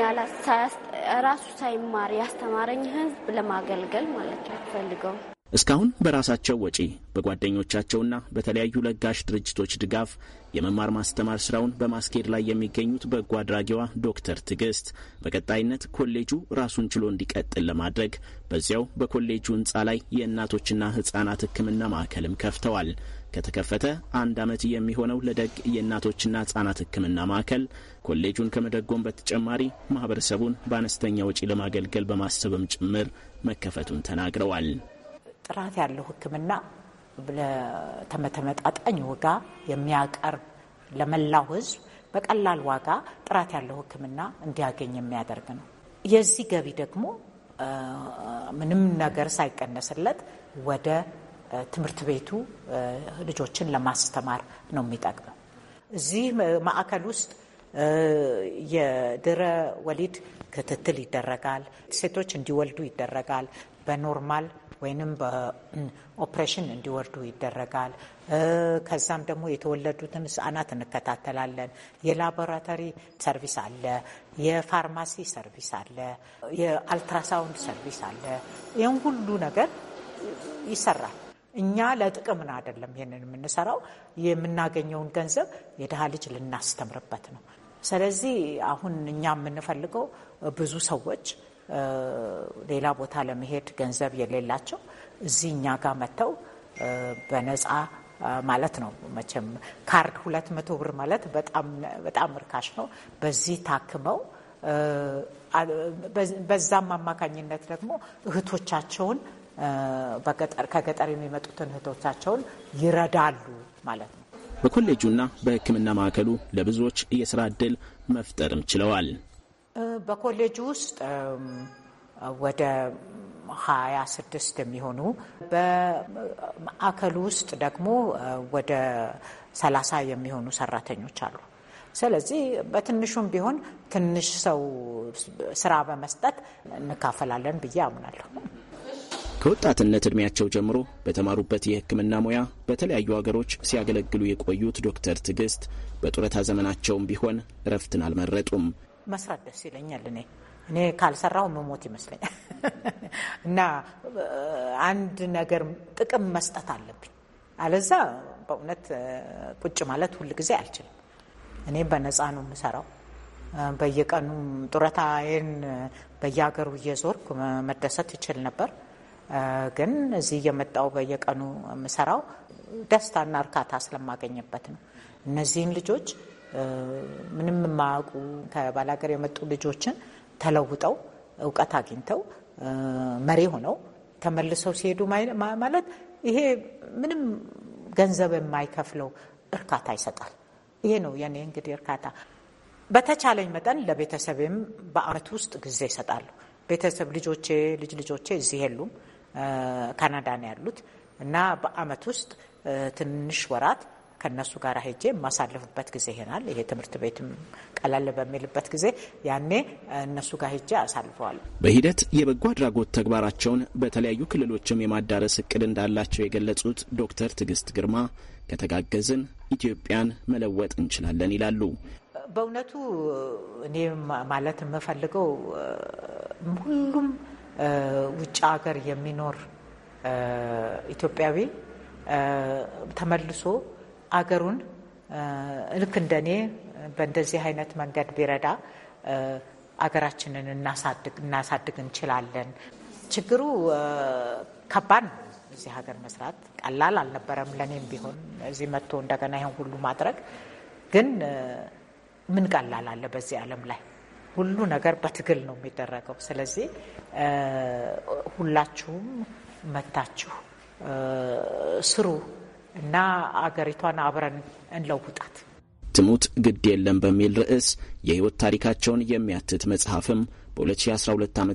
ራሱ ሳይማር ያስተማረኝ ሕዝብ ለማገልገል ማለት ነው ፈልገው እስካሁን በራሳቸው ወጪ በጓደኞቻቸውና በተለያዩ ለጋሽ ድርጅቶች ድጋፍ የመማር ማስተማር ስራውን በማስኬድ ላይ የሚገኙት በጎ አድራጊዋ ዶክተር ትዕግስት በቀጣይነት ኮሌጁ ራሱን ችሎ እንዲቀጥል ለማድረግ በዚያው በኮሌጁ ህንፃ ላይ የእናቶችና ህጻናት ሕክምና ማዕከልም ከፍተዋል። ከተከፈተ አንድ ዓመት የሚሆነው ለደግ የእናቶችና ህጻናት ሕክምና ማዕከል ኮሌጁን ከመደጎም በተጨማሪ ማህበረሰቡን በአነስተኛ ወጪ ለማገልገል በማሰብም ጭምር መከፈቱን ተናግረዋል። ጥራት ያለው ሕክምና ለተመጣጣኝ ዋጋ የሚያቀርብ ለመላው ሕዝብ በቀላል ዋጋ ጥራት ያለው ሕክምና እንዲያገኝ የሚያደርግ ነው። የዚህ ገቢ ደግሞ ምንም ነገር ሳይቀነስለት ወደ ትምህርት ቤቱ ልጆችን ለማስተማር ነው የሚጠቅመው። እዚህ ማዕከል ውስጥ የድረ ወሊድ ክትትል ይደረጋል። ሴቶች እንዲወልዱ ይደረጋል። በኖርማል ወይንም በኦፕሬሽን እንዲወርዱ ይደረጋል። ከዛም ደግሞ የተወለዱትን ህጻናት እንከታተላለን። የላቦራቶሪ ሰርቪስ አለ፣ የፋርማሲ ሰርቪስ አለ፣ የአልትራሳውንድ ሰርቪስ አለ። ይህን ሁሉ ነገር ይሰራል። እኛ ለጥቅምን አይደለም ይህንን የምንሰራው። የምናገኘውን ገንዘብ የድሃ ልጅ ልናስተምርበት ነው። ስለዚህ አሁን እኛ የምንፈልገው ብዙ ሰዎች ሌላ ቦታ ለመሄድ ገንዘብ የሌላቸው እዚህ እኛ ጋር መጥተው በነፃ ማለት ነው። መቼም ካርድ ሁለት መቶ ብር ማለት በጣም እርካሽ ነው። በዚህ ታክመው በዛም አማካኝነት ደግሞ እህቶቻቸውን ከገጠር የሚመጡትን እህቶቻቸውን ይረዳሉ ማለት ነው። በኮሌጁና በሕክምና ማዕከሉ ለብዙዎች የስራ እድል መፍጠርም ችለዋል። በኮሌጅ ውስጥ ወደ ሀያ ስድስት የሚሆኑ በማዕከሉ ውስጥ ደግሞ ወደ ሰላሳ የሚሆኑ ሰራተኞች አሉ። ስለዚህ በትንሹም ቢሆን ትንሽ ሰው ስራ በመስጠት እንካፈላለን ብዬ አምናለሁ። ከወጣትነት ዕድሜያቸው ጀምሮ በተማሩበት የሕክምና ሙያ በተለያዩ ሀገሮች ሲያገለግሉ የቆዩት ዶክተር ትዕግስት በጡረታ ዘመናቸውም ቢሆን እረፍትን አልመረጡም። መስራት ደስ ይለኛል። እኔ እኔ ካልሰራው መሞት ይመስለኛል (laughs) እና አንድ ነገር ጥቅም መስጠት አለብኝ። አለዛ በእውነት ቁጭ ማለት ሁል ጊዜ አልችልም። እኔ በነፃ ነው የምሰራው። በየቀኑ ጡረታዬን በየሀገሩ እየዞርኩ መደሰት ይችል ነበር። ግን እዚህ እየመጣው በየቀኑ የምሰራው ደስታና እርካታ ስለማገኝበት ነው። እነዚህን ልጆች ምንም የማያውቁ ከባላገር የመጡ ልጆችን ተለውጠው እውቀት አግኝተው መሪ ሆነው ተመልሰው ሲሄዱ ማለት ይሄ ምንም ገንዘብ የማይከፍለው እርካታ ይሰጣል። ይሄ ነው የኔ እንግዲህ እርካታ። በተቻለኝ መጠን ለቤተሰብም በአመት ውስጥ ጊዜ ይሰጣሉ። ቤተሰብ ልጆቼ ልጅ ልጆቼ እዚህ የሉም፣ ካናዳ ነው ያሉት እና በአመት ውስጥ ትንሽ ወራት ከነሱ ጋር ሄጄ የማሳልፍበት ጊዜ ይሆናል። ይሄ ትምህርት ቤትም ቀለል በሚልበት ጊዜ ያኔ እነሱ ጋር ሄጄ አሳልፈዋል። በሂደት የበጎ አድራጎት ተግባራቸውን በተለያዩ ክልሎችም የማዳረስ እቅድ እንዳላቸው የገለጹት ዶክተር ትዕግስት ግርማ ከተጋገዝን ኢትዮጵያን መለወጥ እንችላለን ይላሉ። በእውነቱ እኔ ማለት የምፈልገው ሁሉም ውጭ ሀገር የሚኖር ኢትዮጵያዊ ተመልሶ አገሩን ልክ እንደኔ በእንደዚህ አይነት መንገድ ቢረዳ አገራችንን እናሳድግ እንችላለን። ችግሩ ከባድ ነው። እዚህ ሀገር መስራት ቀላል አልነበረም ለእኔም ቢሆን እዚህ መጥቶ እንደገና ይሆን ሁሉ ማድረግ ግን ምን ቀላል አለ በዚህ ዓለም ላይ ሁሉ ነገር በትግል ነው የሚደረገው። ስለዚህ ሁላችሁም መታችሁ ስሩ እና አገሪቷን አብረን እንለውጣት። ትሙት ግድ የለም በሚል ርዕስ የህይወት ታሪካቸውን የሚያትት መጽሐፍም በ2012 ዓ ም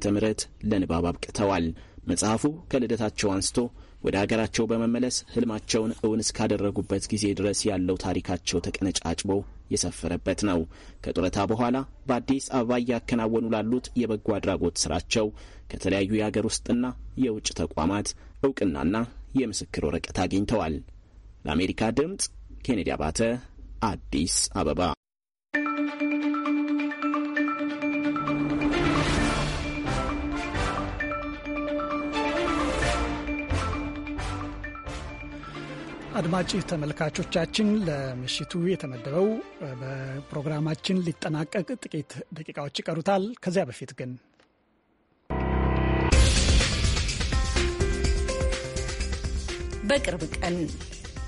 ለንባብ አብቅተዋል። መጽሐፉ ከልደታቸው አንስቶ ወደ አገራቸው በመመለስ ህልማቸውን እውን እስካደረጉበት ጊዜ ድረስ ያለው ታሪካቸው ተቀነጫጭቦ የሰፈረበት ነው። ከጡረታ በኋላ በአዲስ አበባ እያከናወኑ ላሉት የበጎ አድራጎት ስራቸው ከተለያዩ የአገር ውስጥና የውጭ ተቋማት እውቅናና የምስክር ወረቀት አግኝተዋል። ለአሜሪካ ድምፅ ኬኔዲ አባተ አዲስ አበባ። አድማጭ ተመልካቾቻችን ለምሽቱ የተመደበው በፕሮግራማችን ሊጠናቀቅ ጥቂት ደቂቃዎች ይቀሩታል። ከዚያ በፊት ግን በቅርብ ቀን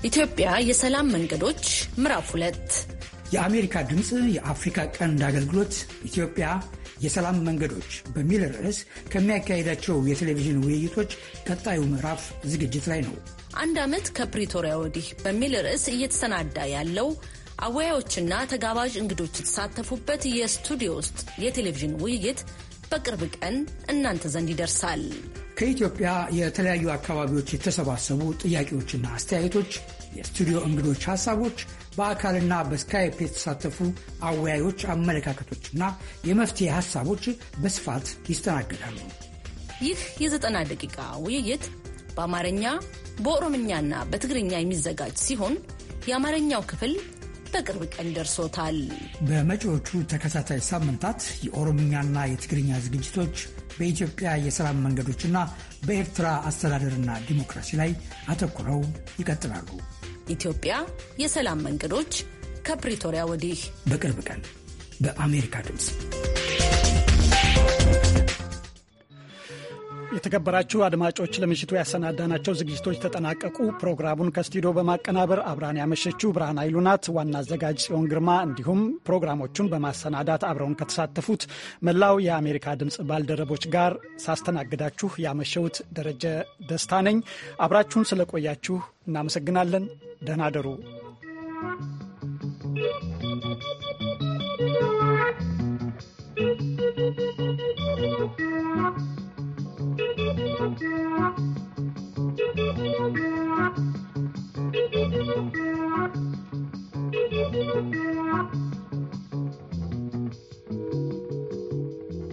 ኢትዮጵያ የሰላም መንገዶች ምዕራፍ ሁለት የአሜሪካ ድምፅ የአፍሪካ ቀንድ አገልግሎት ኢትዮጵያ የሰላም መንገዶች በሚል ርዕስ ከሚያካሄዳቸው የቴሌቪዥን ውይይቶች ቀጣዩ ምዕራፍ ዝግጅት ላይ ነው። አንድ ዓመት ከፕሪቶሪያ ወዲህ በሚል ርዕስ እየተሰናዳ ያለው አወያዮችና ተጋባዥ እንግዶች የተሳተፉበት የስቱዲዮ ውስጥ የቴሌቪዥን ውይይት በቅርብ ቀን እናንተ ዘንድ ይደርሳል። ከኢትዮጵያ የተለያዩ አካባቢዎች የተሰባሰቡ ጥያቄዎችና አስተያየቶች፣ የስቱዲዮ እንግዶች ሐሳቦች፣ በአካልና በስካይፕ የተሳተፉ አወያዮች አመለካከቶችና የመፍትሄ ሐሳቦች በስፋት ይስተናገዳሉ። ይህ የዘጠና ደቂቃ ውይይት በአማርኛ በኦሮምኛና በትግርኛ የሚዘጋጅ ሲሆን የአማርኛው ክፍል በቅርብ ቀን ደርሶታል። በመጪዎቹ ተከታታይ ሳምንታት የኦሮምኛና የትግርኛ ዝግጅቶች በኢትዮጵያ የሰላም መንገዶችና በኤርትራ አስተዳደርና ዲሞክራሲ ላይ አተኩረው ይቀጥላሉ። ኢትዮጵያ የሰላም መንገዶች ከፕሪቶሪያ ወዲህ በቅርብ ቀን በአሜሪካ ድምፅ የተከበራችሁ አድማጮች ለምሽቱ ያሰናዳናቸው ዝግጅቶች ተጠናቀቁ። ፕሮግራሙን ከስቱዲዮ በማቀናበር አብራን ያመሸችው ብርሃን ኃይሉ ናት። ዋና አዘጋጅ ጽዮን ግርማ፣ እንዲሁም ፕሮግራሞቹን በማሰናዳት አብረውን ከተሳተፉት መላው የአሜሪካ ድምፅ ባልደረቦች ጋር ሳስተናግዳችሁ ያመሸሁት ደረጀ ደስታ ነኝ። አብራችሁን ስለቆያችሁ እናመሰግናለን። ደህና ደሩ። Thank you.